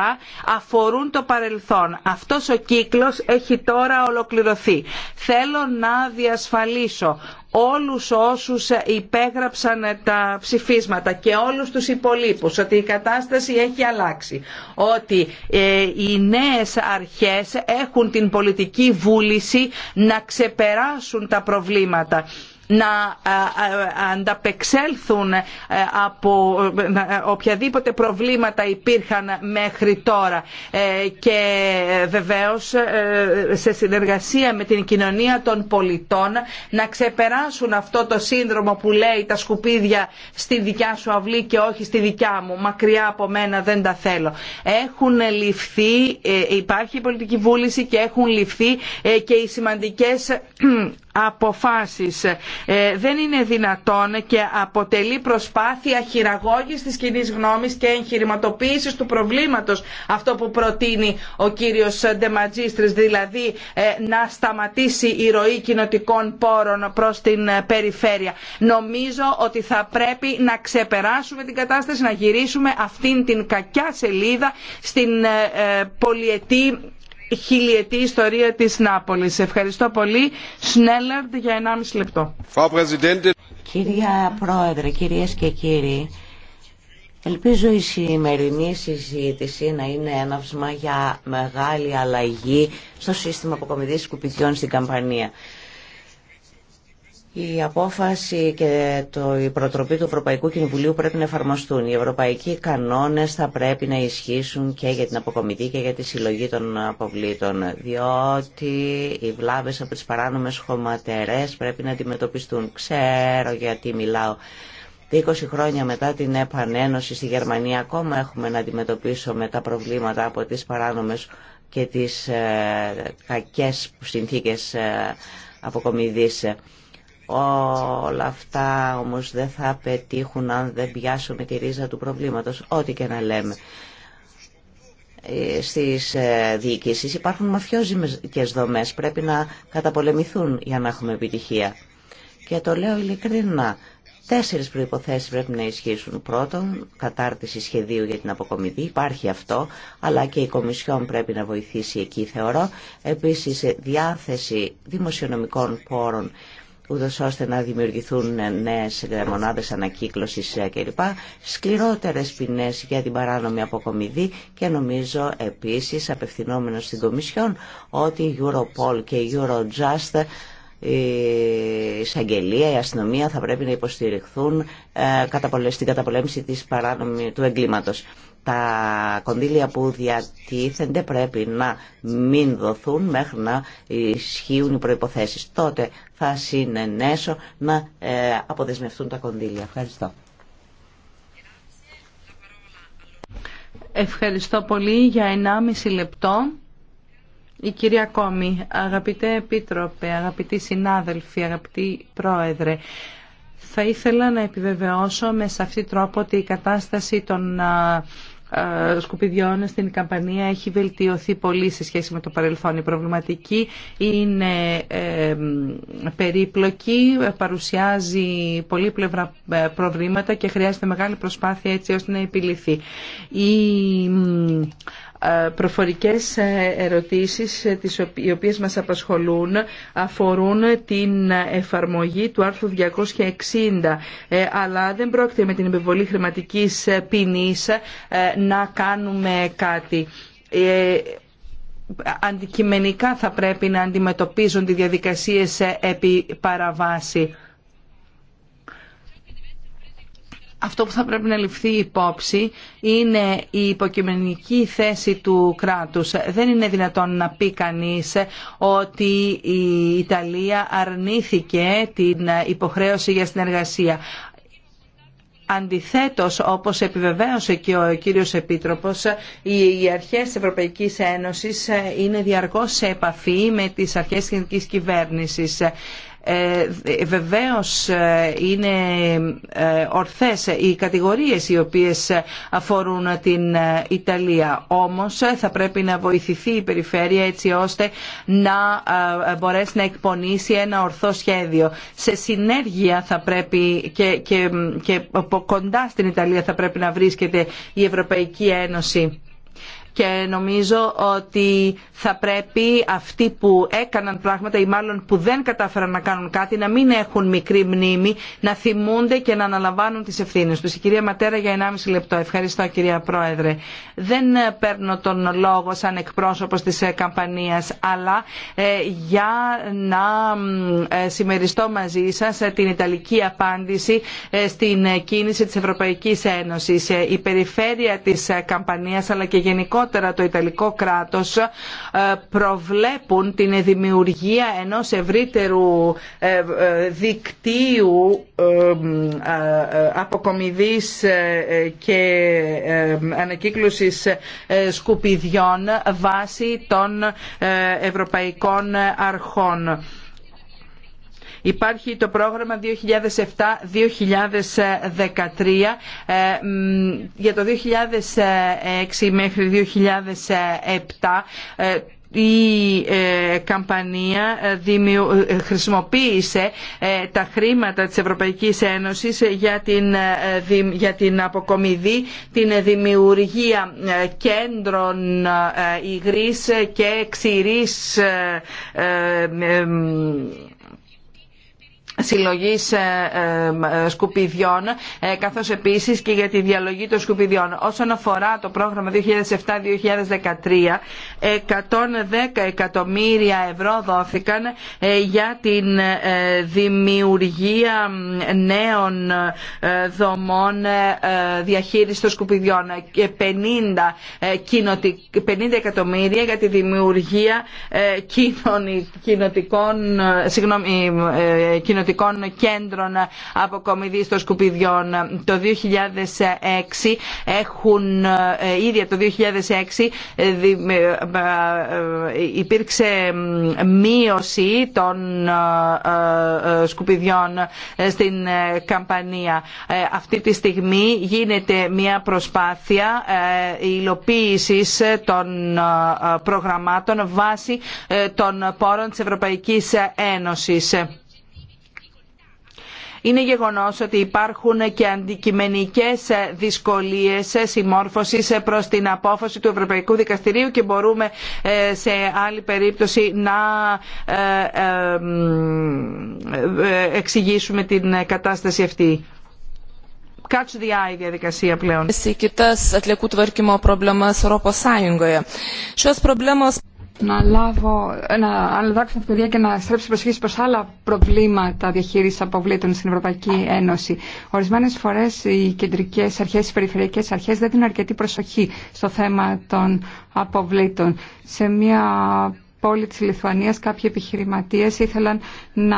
αφορούν το παρελθόν. Αυτός ο κύκλος έχει τώρα ολοκληρωθεί. Θέλω να διασφαλίσω όλους όσους υπέγραψαν τα ψηφίσματα και όλους τους υπολείπους ότι η κατάσταση έχει αλλάξει, ότι ε, οι νέες αρχές έχουν την πολιτική βούληση να ξεπεράσουν τα προβλήματα να ανταπεξέλθουν ε, από ε, οποιαδήποτε προβλήματα υπήρχαν μέχρι τώρα ε, και βεβαίως σε συνεργασία με την κοινωνία των πολιτών να ξεπεράσουν αυτό το σύνδρομο που λέει τα σκουπίδια στη δικιά σου αυλή και όχι στη δικιά μου, μακριά από μένα δεν τα θέλω. Έχουν ληφθεί, υπάρχει η πολιτική βούληση και έχουν ληφθεί και οι σημαντικές αποφάσεις ε, δεν είναι δυνατόν και αποτελεί προσπάθεια χειραγώγης της κοινή γνώμης και εγχειρηματοποίησης του προβλήματος αυτό που προτείνει ο κύριος Ντεματζίστρης δηλαδή ε, να σταματήσει η ροή κοινοτικών πόρων προς την ε, περιφέρεια. Νομίζω ότι θα πρέπει να ξεπεράσουμε την κατάσταση, να γυρίσουμε αυτήν την κακιά σελίδα στην πολιετή χιλιετή ιστορία της Νάπολης. Ευχαριστώ πολύ. Σνέλλαρντ για 1,5 λεπτό. Κυρία Πρόεδρε, κυρίες και κύριοι, Ελπίζω η σημερινή συζήτηση να είναι έναυσμα για μεγάλη αλλαγή στο σύστημα αποκομιδής σκουπιδιών στην Καμπανία. Η απόφαση και το, η προτροπή του Ευρωπαϊκού Κοινοβουλίου πρέπει να εφαρμοστούν. Οι ευρωπαϊκοί κανόνες θα πρέπει να ισχύσουν και για την αποκομιδή και για τη συλλογή των αποβλήτων, διότι οι βλάβες από τις παράνομες χωματέρε πρέπει να αντιμετωπιστούν. Ξέρω γιατί μιλάω. 20 χρόνια μετά την επανένωση στη Γερμανία ακόμα έχουμε να αντιμετωπίσουμε τα προβλήματα από τι παράνομε και τις ε, κακές συνθήκες ε, αποκομιδής. Όλα αυτά όμως δεν θα πετύχουν αν δεν πιάσουμε τη ρίζα του προβλήματος, ό,τι και να λέμε. Ε, στις ε, διοικήσεις υπάρχουν μαφιόζικες δομές, πρέπει να καταπολεμηθούν για να έχουμε επιτυχία. Και το λέω ειλικρινά, τέσσερις προϋποθέσεις πρέπει να ισχύσουν. Πρώτον, κατάρτιση σχεδίου για την αποκομιδή, υπάρχει αυτό, αλλά και η Κομισιόν πρέπει να βοηθήσει εκεί, θεωρώ. Επίσης, διάθεση δημοσιονομικών πόρων ούτως ώστε να δημιουργηθούν νέες μονάδες ανακύκλωσης κλπ. Σκληρότερες ποινές για την παράνομη αποκομιδή και νομίζω επίσης απευθυνόμενος στην Κομισιόν ότι η Europol και η Eurojust η εισαγγελία, η αστυνομία θα πρέπει να υποστηριχθούν ε, στην καταπολέμηση της παράνομη, του εγκλήματος τα κονδύλια που διατίθενται πρέπει να μην δοθούν μέχρι να ισχύουν οι προϋποθέσεις. Τότε θα συνενέσω να ε, αποδεσμευτούν τα κονδύλια. Ευχαριστώ. Ευχαριστώ πολύ για 1,5 λεπτό. Η κυρία Κόμη, αγαπητέ επίτροπε, αγαπητοί συνάδελφοι, αγαπητοί πρόεδρε, θα ήθελα να επιβεβαιώσω με σαφή τρόπο ότι η κατάσταση των σκουπιδιών στην Καμπανία έχει βελτιωθεί πολύ σε σχέση με το παρελθόν. Η προβληματική είναι περίπλοκη, παρουσιάζει πολλή πλευρά ε, προβλήματα και χρειάζεται μεγάλη προσπάθεια έτσι ώστε να επιληθεί. Ε, προφορικές ε, ερωτήσεις ε, τις οι οποίες μας απασχολούν αφορούν την εφαρμογή του άρθρου 260 αλλά δεν πρόκειται με την επιβολή χρηματικής ποινής να κάνουμε κάτι αντικειμενικά θα πρέπει να αντιμετωπίζουν τις διαδικασίες επί παραβάση. αυτό που θα πρέπει να ληφθεί υπόψη είναι η υποκειμενική θέση του κράτους. Δεν είναι δυνατόν να πει κανείς ότι η Ιταλία αρνήθηκε την υποχρέωση για συνεργασία. Αντιθέτως, όπως επιβεβαίωσε και ο κύριος Επίτροπος, οι αρχές της Ευρωπαϊκής Ένωσης είναι διαρκώς σε επαφή με τις αρχές της κυβέρνησης. Ε, βεβαίως ε, είναι ε, ορθές οι κατηγορίες οι οποίες αφορούν την Ιταλία. Όμως θα πρέπει να βοηθηθεί η περιφέρεια έτσι ώστε να μπορέσει να εκπονήσει ένα ορθό σχέδιο. Σε συνέργεια θα πρέπει και, και, και κοντά στην Ιταλία θα πρέπει να βρίσκεται η Ευρωπαϊκή Ένωση και νομίζω ότι θα πρέπει αυτοί που έκαναν πράγματα ή μάλλον που δεν κατάφεραν να κάνουν κάτι να μην έχουν μικρή μνήμη, να θυμούνται και να αναλαμβάνουν τις ευθύνες τους. Η κυρία Ματέρα για 1,5 λεπτό. Ευχαριστώ κυρία Πρόεδρε. Δεν ε, παίρνω τον λόγο σαν εκπρόσωπος της ε, καμπανίας, αλλά ε, για να συμμεριστώ μαζί σας την Ιταλική απάντηση στην κίνηση της Ευρωπαϊκής Ένωσης. Η περιφέρεια της καμπανίας αλλά και γενικό ειδικότερα το Ιταλικό κράτος ε, προβλέπουν την δημιουργία ενός ευρύτερου ε, ε, δικτύου αποκομιδής και ανακύκλωσης σκουπιδιών βάσει των ευρωπαϊκών αρχών. Υπάρχει το πρόγραμμα 2007-2013 ε, για το 2006 μέχρι 2007 ε, η ε, καμπανία χρησιμοποίησε τα χρήματα της Ευρωπαϊκής Ένωσης για την, για την αποκομιδή, την δημιουργία κέντρων υγρής και ξηρής συλλογής ε, ε, σκουπιδιών ε, καθώς επίσης και για τη διαλογή των σκουπιδιών. Όσον αφορά το πρόγραμμα 2007-2013 110 εκατομμύρια ευρώ δόθηκαν για την δημιουργία νέων δομών διαχείρισης των σκουπιδιών και 50, 50 εκατομμύρια για τη δημιουργία κοινωνικών, συγγνώμη, Ερευνητικών Κέντρων Αποκομιδής των Σκουπιδιών. Το 2006 έχουν, ε, ήδη το 2006 ε, ε, υπήρξε μείωση των σκουπιδιών στην Καμπανία. Αυτή τη στιγμή γίνεται μια προσπάθεια υλοποίησης των προγραμμάτων βάσει των πόρων της Ευρωπαϊκής Ένωσης είναι γεγονός ότι υπάρχουν και αντικειμενικές δυσκολίες συμμόρφωσης προς την απόφαση του Ευρωπαϊκού Δικαστηρίου και μπορούμε ε, σε άλλη περίπτωση να ε, ε, εξηγήσουμε την κατάσταση αυτή. Κάτσου διά η διαδικασία πλέον. Σε κοιτάς Σε να, λάβω, να αλλάξω την ευκαιρία και να στρέψω προσοχή προς άλλα προβλήματα διαχείρισης αποβλήτων στην Ευρωπαϊκή Ένωση. Ορισμένες φορές οι κεντρικές αρχές, οι περιφερειακές αρχές δεν δίνουν αρκετή προσοχή στο θέμα των αποβλήτων. Σε μια πόλη της Λιθουανίας κάποιοι επιχειρηματίες ήθελαν να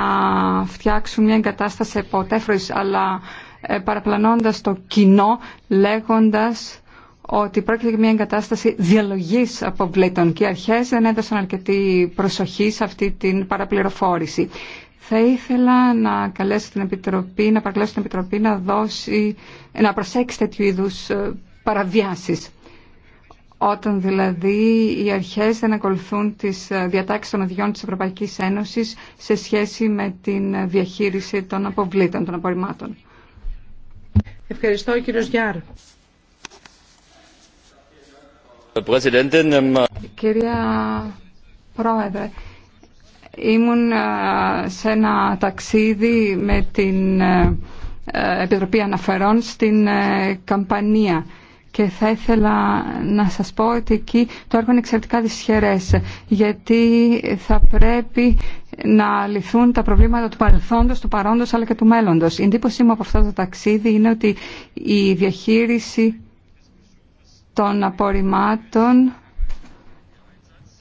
φτιάξουν μια εγκατάσταση ποτέφρος, αλλά ε, παραπλανώντας το κοινό, λέγοντας ότι πρόκειται για μια εγκατάσταση διαλογής αποβλήτων και οι αρχές δεν έδωσαν αρκετή προσοχή σε αυτή την παραπληροφόρηση. Θα ήθελα να καλέσω την Επιτροπή, να παρακαλέσω την Επιτροπή να, δώσει, να προσέξει τέτοιου είδους ε, παραβιάσεις. Όταν δηλαδή οι αρχές δεν ακολουθούν τις ε, διατάξεις των οδηγιών της Ευρωπαϊκής Ένωσης σε σχέση με την ε, διαχείριση των αποβλήτων, των απορριμμάτων. Ευχαριστώ κύριος Γιάρ. Ähm, Κυρία Πρόεδρε, ήμουν ε, σε ένα ταξίδι με την ε, ε, Επιτροπή Αναφερών στην Καμπανία και θα ήθελα να σας πω ότι εκεί το έργο είναι εξαιρετικά δυσχερές γιατί θα πρέπει να λυθούν τα προβλήματα του παρελθόντος, του παρόντος αλλά και του μέλλοντος. Η εντύπωσή μου από αυτό το ταξίδι είναι ότι η διαχείριση των απορριμμάτων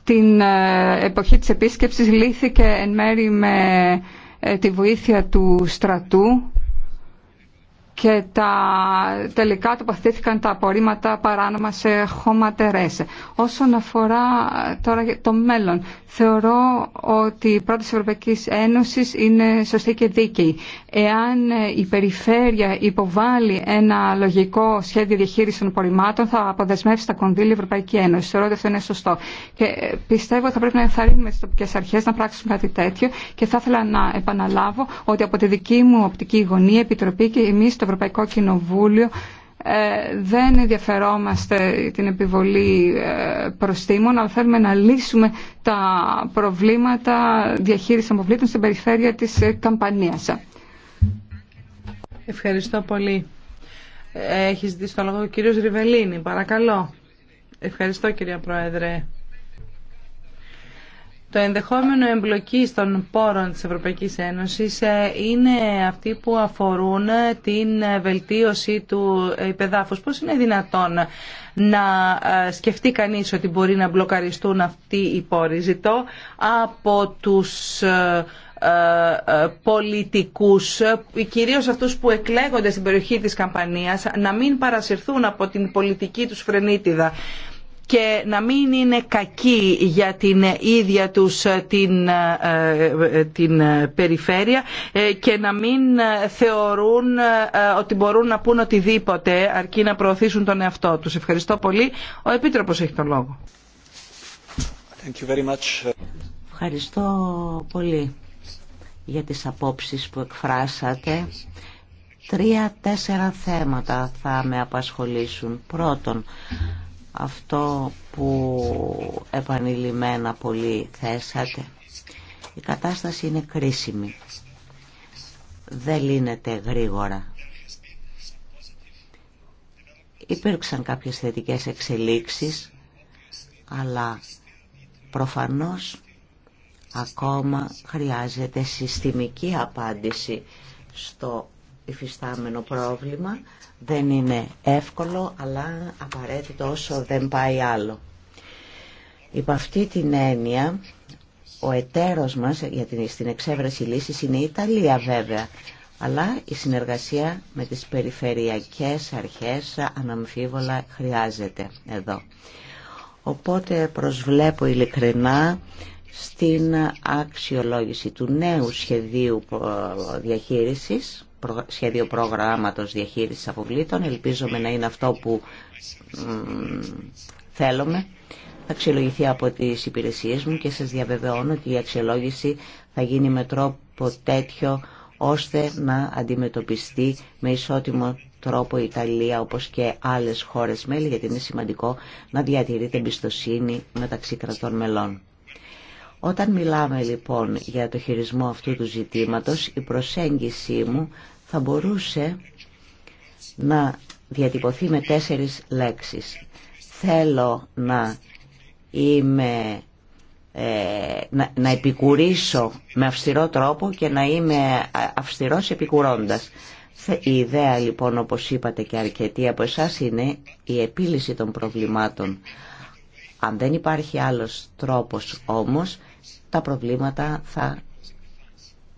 την ε, εποχή της επίσκεψης λύθηκε εν μέρη με ε, τη βοήθεια του στρατού και τα, τελικά τοποθετήθηκαν τα απορρίμματα παράνομα σε τερέσε. Όσον αφορά τώρα το μέλλον, θεωρώ ότι η πρώτη Ευρωπαϊκή Ένωση είναι σωστή και δίκαιη. Εάν η περιφέρεια υποβάλει ένα λογικό σχέδιο διαχείριση των απορριμμάτων, θα αποδεσμεύσει τα κονδύλια Ευρωπαϊκή Ένωση. Θεωρώ ότι αυτό είναι σωστό. Και πιστεύω ότι θα πρέπει να ενθαρρύνουμε τις τοπικέ αρχές να πράξουν κάτι τέτοιο και θα ήθελα να επαναλάβω ότι από τη δική μου οπτική γωνία, η Επιτροπή και εμεί το Ευρωπαϊκό Κοινοβούλιο ε, δεν ενδιαφερόμαστε την επιβολή ε, προστήμων, αλλά θέλουμε να λύσουμε τα προβλήματα διαχείρισης αποβλήτων στην περιφέρεια της ε, Καμπανίας. Ευχαριστώ πολύ. Έχει ζητήσει το λόγο ο κύριος Ριβελίνη. Παρακαλώ. Ευχαριστώ κυρία Πρόεδρε. Το ενδεχόμενο εμπλοκή των πόρων της Ευρωπαϊκής Ένωσης ε, είναι αυτοί που αφορούν την βελτίωση του υπεδάφους. Πώς είναι δυνατόν να ε, σκεφτεί κανείς ότι μπορεί να μπλοκαριστούν αυτοί οι πόροι. Ζητώ από τους ε, πολιτικούς, κυρίως αυτούς που εκλέγονται στην περιοχή της Καμπανίας, να μην παρασυρθούν από την πολιτική τους φρενίτιδα και να μην είναι κακοί για την ίδια τους την, ε, ε, την περιφέρεια ε, και να μην θεωρούν ότι μπορούν να πούν οτιδήποτε αρκεί να προωθήσουν τον εαυτό τους. Ευχαριστώ πολύ. Ο Επίτροπος έχει τον λόγο. Ευχαριστώ πολύ για τις απόψεις που εκφράσατε. Τρία-τέσσερα θέματα θα με απασχολήσουν. Πρώτον, αυτό που επανειλημμένα πολύ θέσατε. Η κατάσταση είναι κρίσιμη. Δεν λύνεται γρήγορα. Υπήρξαν κάποιες θετικές εξελίξεις, αλλά προφανώς ακόμα χρειάζεται συστημική απάντηση στο υφιστάμενο πρόβλημα δεν είναι εύκολο, αλλά απαραίτητο όσο δεν πάει άλλο. Υπ' αυτή την έννοια, ο εταίρος μας για στην εξέβρεση λύση είναι η Ιταλία βέβαια, αλλά η συνεργασία με τις περιφερειακές αρχές αναμφίβολα χρειάζεται εδώ. Οπότε προσβλέπω ειλικρινά στην αξιολόγηση του νέου σχεδίου διαχείρισης σχέδιο προγράμματος διαχείρισης αποβλήτων. Ελπίζομαι να είναι αυτό που θέλουμε. Θα αξιολογηθεί από τις υπηρεσίες μου και σας διαβεβαιώνω ότι η αξιολόγηση θα γίνει με τρόπο τέτοιο ώστε να αντιμετωπιστεί με ισότιμο τρόπο η Ιταλία όπως και άλλες χώρες μέλη γιατί είναι σημαντικό να διατηρείται εμπιστοσύνη μεταξύ κρατών μελών. Όταν μιλάμε λοιπόν για το χειρισμό αυτού του ζητήματος, η προσέγγιση μου θα μπορούσε να διατυπωθεί με τέσσερις λέξεις. Θέλω να είμαι ε, να, να επικουρήσω με αυστηρό τρόπο και να είμαι αυστηρός επικουρώντας. Η ιδέα λοιπόν όπως είπατε και αρκετοί από εσάς είναι η επίλυση των προβλημάτων. Αν δεν υπάρχει άλλος τρόπος όμως τα προβλήματα θα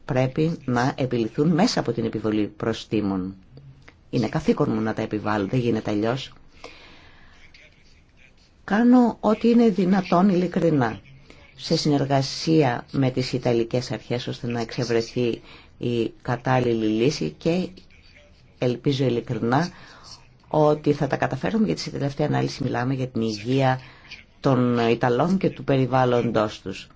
πρέπει να επιληθούν μέσα από την επιβολή προστήμων. Είναι καθήκον μου να τα επιβάλλω, δεν γίνεται αλλιώ. Κάνω ό,τι είναι δυνατόν ειλικρινά σε συνεργασία με τις Ιταλικές αρχές ώστε να εξευρεθεί η κατάλληλη λύση και ελπίζω ειλικρινά ότι θα τα καταφέρουμε γιατί σε τελευταία ανάλυση μιλάμε για την υγεία των Ιταλών και του περιβάλλοντος τους.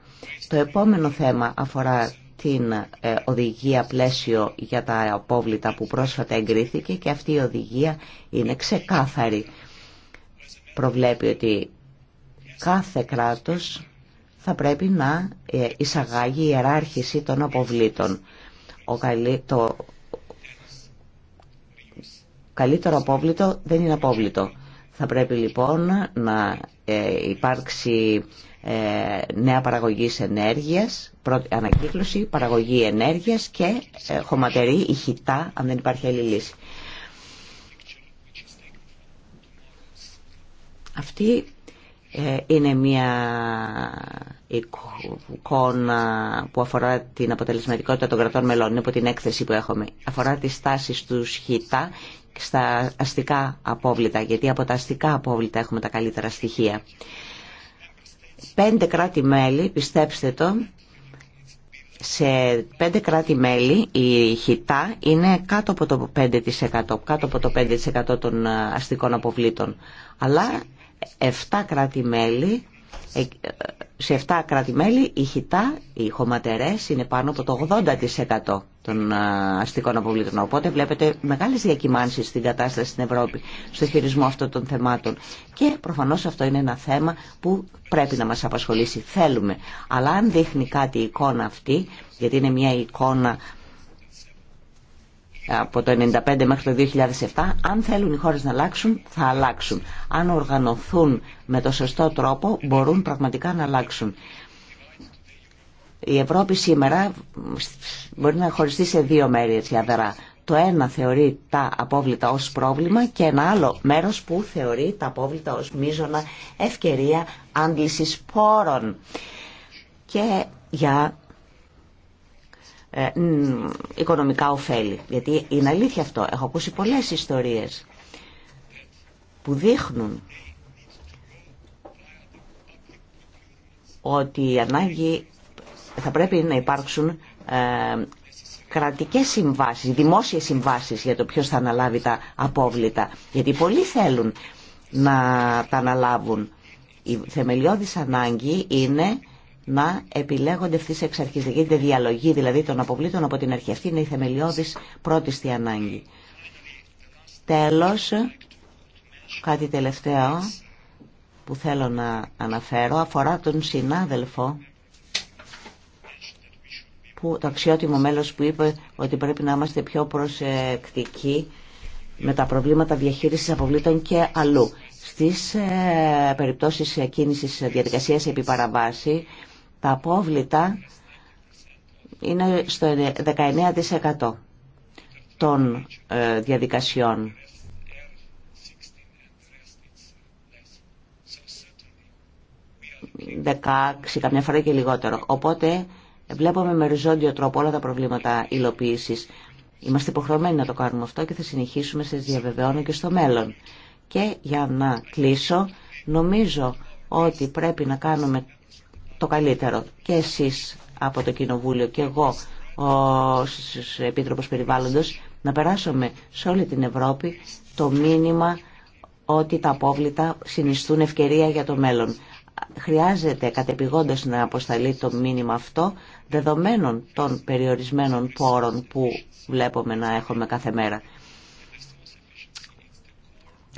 Το επόμενο θέμα αφορά την ε, οδηγία πλαίσιο για τα απόβλητα που πρόσφατα εγκρίθηκε και αυτή η οδηγία είναι ξεκάθαρη. Προβλέπει ότι κάθε κράτος θα πρέπει να ε, εισαγάγει η ιεράρχηση των αποβλήτων. Ο το καλύτερο απόβλητο δεν είναι απόβλητο. Θα πρέπει λοιπόν να ε, υπάρξει ε, νέα παραγωγής ενέργειας, ανακύκλωση, παραγωγή ενέργειας και ε, χωματερή ηχητά, αν δεν υπάρχει άλλη λύση. Αυτή ε, είναι μια εικόνα που αφορά την αποτελεσματικότητα των κρατών μελών, είναι από την έκθεση που έχουμε. Αφορά τις τάσεις του ΧΙΤΑ στα αστικά απόβλητα, γιατί από τα αστικά απόβλητα έχουμε τα καλύτερα στοιχεία πέντε κράτη-μέλη, πιστέψτε το, σε πέντε κράτη-μέλη η χιτά είναι κάτω από το 5%, κάτω από το 5% των ε, αστικών αποβλήτων. Αλλά 7 κράτη-μέλη ε, σε 7 κράτη-μέλη οι χιτά, οι χωματερές είναι πάνω από το 80% των αστικών αποβλήτων. Οπότε βλέπετε μεγάλες διακυμάνσεις στην κατάσταση στην Ευρώπη στο χειρισμό αυτών των θεμάτων. Και προφανώς αυτό είναι ένα θέμα που πρέπει να μας απασχολήσει. Θέλουμε. Αλλά αν δείχνει κάτι η εικόνα αυτή, γιατί είναι μια εικόνα από το 1995 μέχρι το 2007, αν θέλουν οι χώρες να αλλάξουν, θα αλλάξουν. Αν οργανωθούν με το σωστό τρόπο, μπορούν πραγματικά να αλλάξουν. Η Ευρώπη σήμερα μπορεί να χωριστεί σε δύο μέρη έτσι αδερά. Το ένα θεωρεί τα απόβλητα ως πρόβλημα και ένα άλλο μέρος που θεωρεί τα απόβλητα ως μείζωνα ευκαιρία άντλησης πόρων. Και για ε, οικονομικά ωφέλη. Γιατί είναι αλήθεια αυτό. Έχω ακούσει πολλές ιστορίες που δείχνουν ότι η ανάγκη θα πρέπει να υπάρξουν ε, κρατικές συμβάσεις, δημόσιες συμβάσεις για το ποιος θα αναλάβει τα απόβλητα. Γιατί πολλοί θέλουν να τα αναλάβουν. Η θεμελιώδης ανάγκη είναι να επιλέγονται αυτή εξ αρχή. Δεν γίνεται διαλογή δηλαδή των αποβλήτων από την αρχή. Αυτή είναι η θεμελιώδη πρώτη στη ανάγκη. Τέλο, κάτι τελευταίο που θέλω να αναφέρω αφορά τον συνάδελφο που, το αξιότιμο μέλος που είπε ότι πρέπει να είμαστε πιο προσεκτικοί με τα προβλήματα διαχείρισης αποβλήτων και αλλού. Στις ε, περιπτώσεις κίνησης διαδικασίας επί παραβάση, τα απόβλητα είναι στο 19% των ε, διαδικασιών. 16, καμιά φορά και λιγότερο. Οπότε βλέπουμε με οριζόντιο τρόπο όλα τα προβλήματα υλοποίησης. Είμαστε υποχρεωμένοι να το κάνουμε αυτό και θα συνεχίσουμε, σε διαβεβαιώνω και στο μέλλον. Και για να κλείσω, νομίζω ότι πρέπει να κάνουμε το καλύτερο. Και εσείς από το Κοινοβούλιο και εγώ ως Επίτροπος Περιβάλλοντος να περάσουμε σε όλη την Ευρώπη το μήνυμα ότι τα απόβλητα συνιστούν ευκαιρία για το μέλλον. Χρειάζεται κατεπηγόντως να αποσταλεί το μήνυμα αυτό δεδομένων των περιορισμένων πόρων που βλέπουμε να έχουμε κάθε μέρα.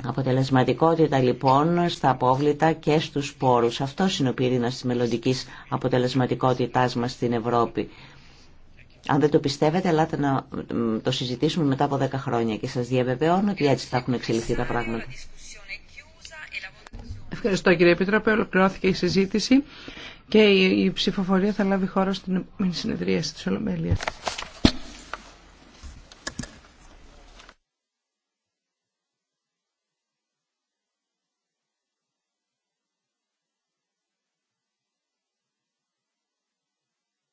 Αποτελεσματικότητα λοιπόν στα απόβλητα και στους πόρους. Αυτό είναι ο πυρήνας της μελλοντική αποτελεσματικότητάς μας στην Ευρώπη. Αν δεν το πιστεύετε, ελάτε να το συζητήσουμε μετά από 10 χρόνια και σας διαβεβαιώνω ότι έτσι θα έχουν εξελιχθεί τα πράγματα. Ευχαριστώ κύριε Επίτροπε. Ολοκληρώθηκε η συζήτηση και η ψηφοφορία θα λάβει χώρο στην συνεδρία της Ολομέλειας.